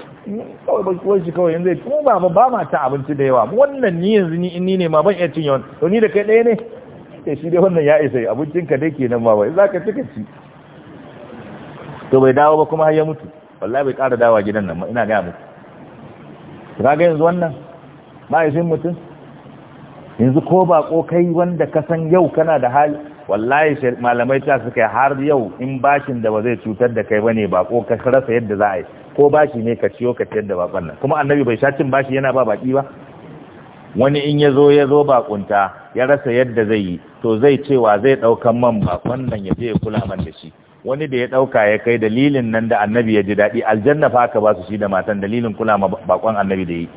kawai bashi wani kawai yanzu ya mu ba ba ma ta abinci da yawa wannan ni yanzu ni inni ni ne ma ban iya cin yawan to ni da kai ɗaya ne sai shi dai wannan ya isa abincin ka dai kenan ma bai za ka cika ci to bai dawo ba kuma har ya mutu wallahi bai ƙara dawa gidan nan ina ga muku ka ga yanzu wannan ma'aikin mutum yanzu ko ba ko kai wanda ka san yau kana da hali wallahi malamai ta suka har yau in bashin da ba zai cutar da kai ba ne ba ko ka rasa yadda za a yi ko bashi ne ka ciyo ka ciyar da bakon nan kuma annabi bai sha cin bashi yana ba baki ba wani in ya zo ya zo bakunta ya rasa yadda zai yi to zai cewa zai ɗaukan man bakon nan ya je ya kula man da shi wani da ya ɗauka ya kai dalilin nan da annabi ya ji daɗi aljanna fa aka ba su shi da matan dalilin kula ma bakon annabi da yi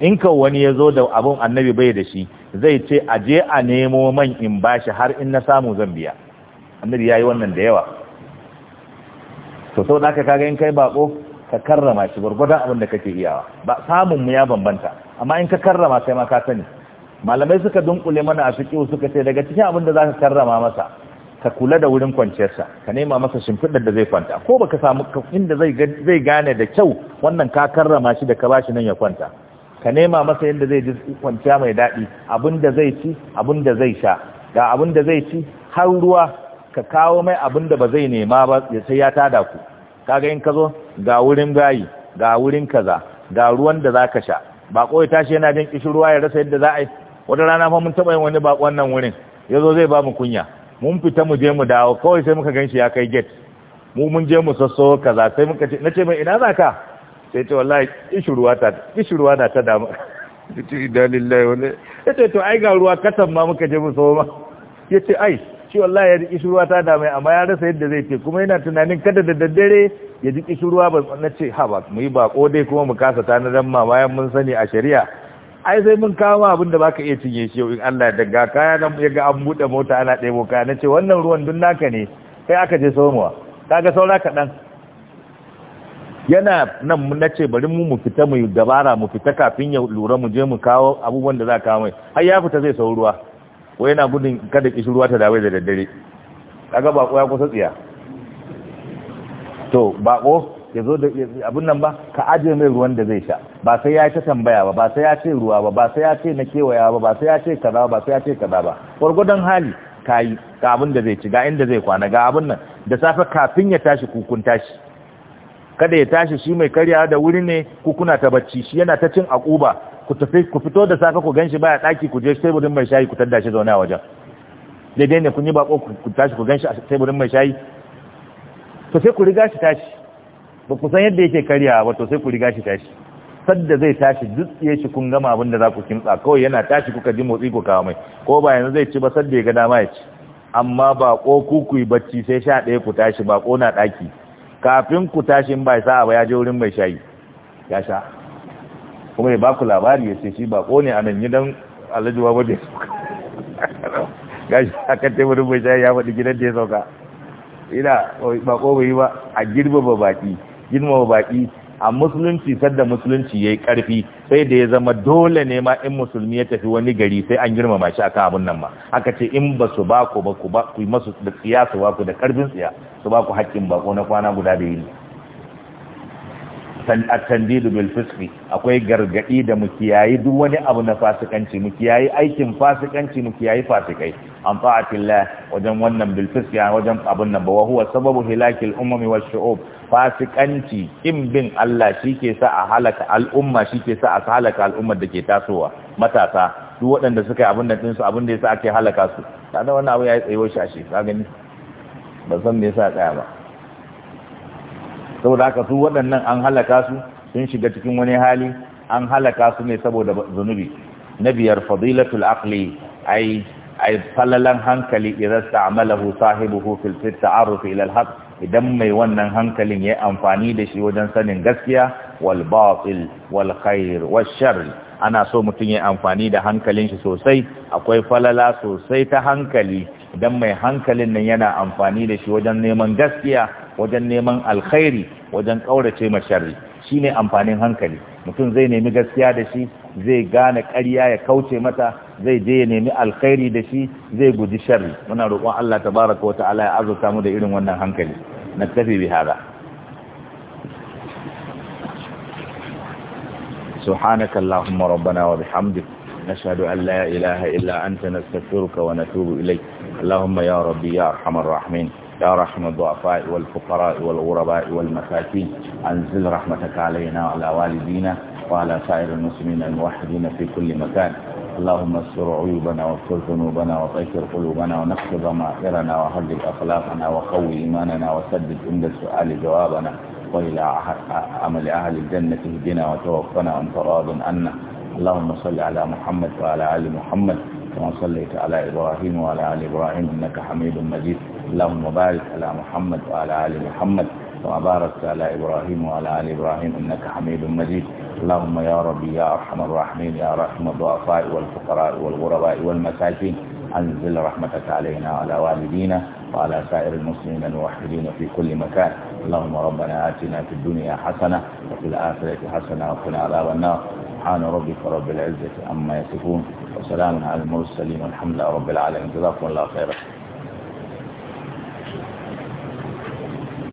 in ka wani ya zo da abun annabi bai da shi zai ce a je a nemo man in bashi har in na samu zan biya annabi ya yi wannan da yawa to sau da aka kaga in kai bako ka karrama shi gwargwadon abin da kake iyawa ba samun mu ya bambanta amma in ka karrama sai ma ka sani malamai suka dunkule mana a fiƙi suka ce daga cikin abin da za ka karrama masa ka kula da wurin kwanciyarsa ka nema masa shimfiɗar da zai kwanta ko baka samu inda zai zai gane da kyau wannan ka karrama shi da ka bashi nan ya kwanta ka nema masa yadda zai ji kwanciya mai daɗi abin da zai ci abin da zai sha ga abin da zai ci har ruwa ka kawo mai abin da ba zai nema ba sai ya tada ku kaga in ka zo ga wurin bayi ga wurin kaza ga ruwan da za ka sha bako ya tashi yana jin kishin ruwa ya rasa yadda za a yi wata rana fa mun taba yin wani bakon nan wurin ya zo zai ba mu kunya mun fita mu je mu dawo kawai sai muka ganshi ya kai gate mu mun je mu sasso kaza sai muka ce nace mai ina ka sai ce wallahi kishin ruwa ta kishin ruwa na ta ita ce idan lillahi wala ce to ai ga ruwa katan ma muka je mu so ma ce ai shi wallahi ya ji kishirwa ta dame amma ya rasa yadda zai ce kuma yana tunanin kada da daddare ya ji kishirwa ba na ce ha ba mu yi bako dai kuma mu kasa ta na ramma bayan mun sani a shari'a ai sai mun kawo abin da baka iya cinye shi yau in Allah ya daga kaya nan ya ga an bude mota ana ɗebo kaya na ce wannan ruwan dun naka ne kai aka je somowa kaga saura kaɗan yana nan na ce bari mu mu fita mu dabara mu fita kafin ya lura mu je mu kawo abubuwan da za ka kawo mai har ya fita zai sauruwa ruwa wai yana gudun kada kishirwa ta dawo da daddare kaga bako ya kusa tsiya to bako ya zo da abin nan ba ka ajiye mai ruwan da zai sha ba sai ya ta tambaya ba ba sai ya ce ruwa ba ba sai ya ce na kewaya ba ba sai ya ce kaza ba sai ya ce kaza ba gwargwadon hali ka yi ga abin da zai ci ga inda zai kwana ga abin nan da safe kafin ya tashi kukun tashi kada ya tashi shi mai karya da wuri ne kukuna ta bacci shi yana ta cin akuba ku tafi ku fito da safe ku ganshi baya daki ku je teburin mai shayi ku tadda shi zaune a wajen daidai ne kun yi bako ku tashi ku ganshi a teburin mai shayi to sai ku riga shi tashi ba ku san yadda yake karya ba to sai ku riga shi tashi sadda zai tashi duk ya shi kun gama abin da za ku kimtsa kawai yana tashi kuka ji motsi ku kawo mai ko ba yanzu zai ci ba sadda ya ga dama ya ci amma ba ko ku ku yi bacci sai sha ɗaya ku tashi ba ko na ɗaki kafin ku tashi in ba ya sa ba ya je wurin mai shayi ya sha kuma ya baku labari ya ce shi bako ne a nan gidan alajuwa wadda ya sauka gashi akan teburin mai shayi ya faɗi gidan da ya sauka ina bako bai yi ba a ba baki ba baki a musulunci sadda musulunci ya yi ƙarfi sai da ya zama dole ne ma in musulmi ya tafi wani gari sai an girmama shi akan abun nan ma aka ce in ba su ba ku ba ku yi masu da tsiya su ba ku da ƙarfin tsiya su ba haƙƙin bako na kwana guda da yini at bil fisqi akwai gargadi da mu kiyayi duk wani abu na fasikanci mu kiyayi aikin fasikanci mu kiyayi fasikai an fa'atillah wajen wannan bil fisqi wajen abun nan ba wa huwa sababu hilakil ummi wal shu'ub fasikanci kin bin Allah shike sa a halaka al'umma shike sa a halaka al'ummar da ke tasowa matasa duk waɗanda suka yi nan da su abun da yasa ake halaka su kada wannan abu ya yi tsayo shi a shi ba gani ban san me yasa tsaya ba saboda haka su waɗannan an halaka su sun shiga cikin wani hali an halaka su ne saboda zunubi na biyar fadilatul aqli ai ai falalan hankali idan ta'amalahu sahibuhu fil ta'aruf ila al-haq idan mai wannan hankalin yayi amfani da shi wajen sanin gaskiya wal batil wal khair wal shar ana so mutum yayi amfani da hankalin shi sosai akwai falala sosai ta hankali dan mai hankalin nan yana amfani da shi wajen neman gaskiya wajen neman alkhairi wajen kaurace masharri ne amfanin hankali mutum zai nemi gaskiya da shi zai gane ƙarya ya kauce mata zai je ya nemi alkhairi da shi zai guji sharri muna roƙon Allah ta baraka wa ta'ala ya azurta mu da irin wannan hankali na tafi bi hada سبحانك اللهم ربنا وبحمدك نشهد أن لا إله ilaha illa نستغفرك ونتوب wa اللهم يا ربي يا أرحم الراحمين يا رحم الضعفاء والفقراء والغرباء والمساكين أنزل رحمتك علينا وعلى والدينا وعلى سائر المسلمين الموحدين في كل مكان اللهم استر عيوبنا واغفر ذنوبنا وطهر قلوبنا ونقص ضمائرنا وهدد أخلاقنا وقوي إيماننا وسدد عند السؤال جوابنا وإلى عمل أهل الجنة اهدنا وتوفنا وانت راض عنا اللهم صل على محمد وعلى آل محمد كما صليت على إبراهيم وعلى آل إبراهيم إنك حميد مجيد اللهم بارك على محمد وعلى آل محمد كما باركت على إبراهيم وعلى آل إبراهيم إنك حميد مجيد اللهم يا ربي يا أرحم الراحمين يا رحم الضعفاء والفقراء والغرباء والمساكين أنزل رحمتك علينا وعلى والدينا وعلى سائر المسلمين الموحدين في كل مكان اللهم ربنا آتنا في الدنيا حسنة وفي الآخرة حسنة وقنا عذاب النار سبحان ربك رب العزة عما يصفون وسلام على المرسلين والحمد لله رب العالمين جزاكم الله خيرا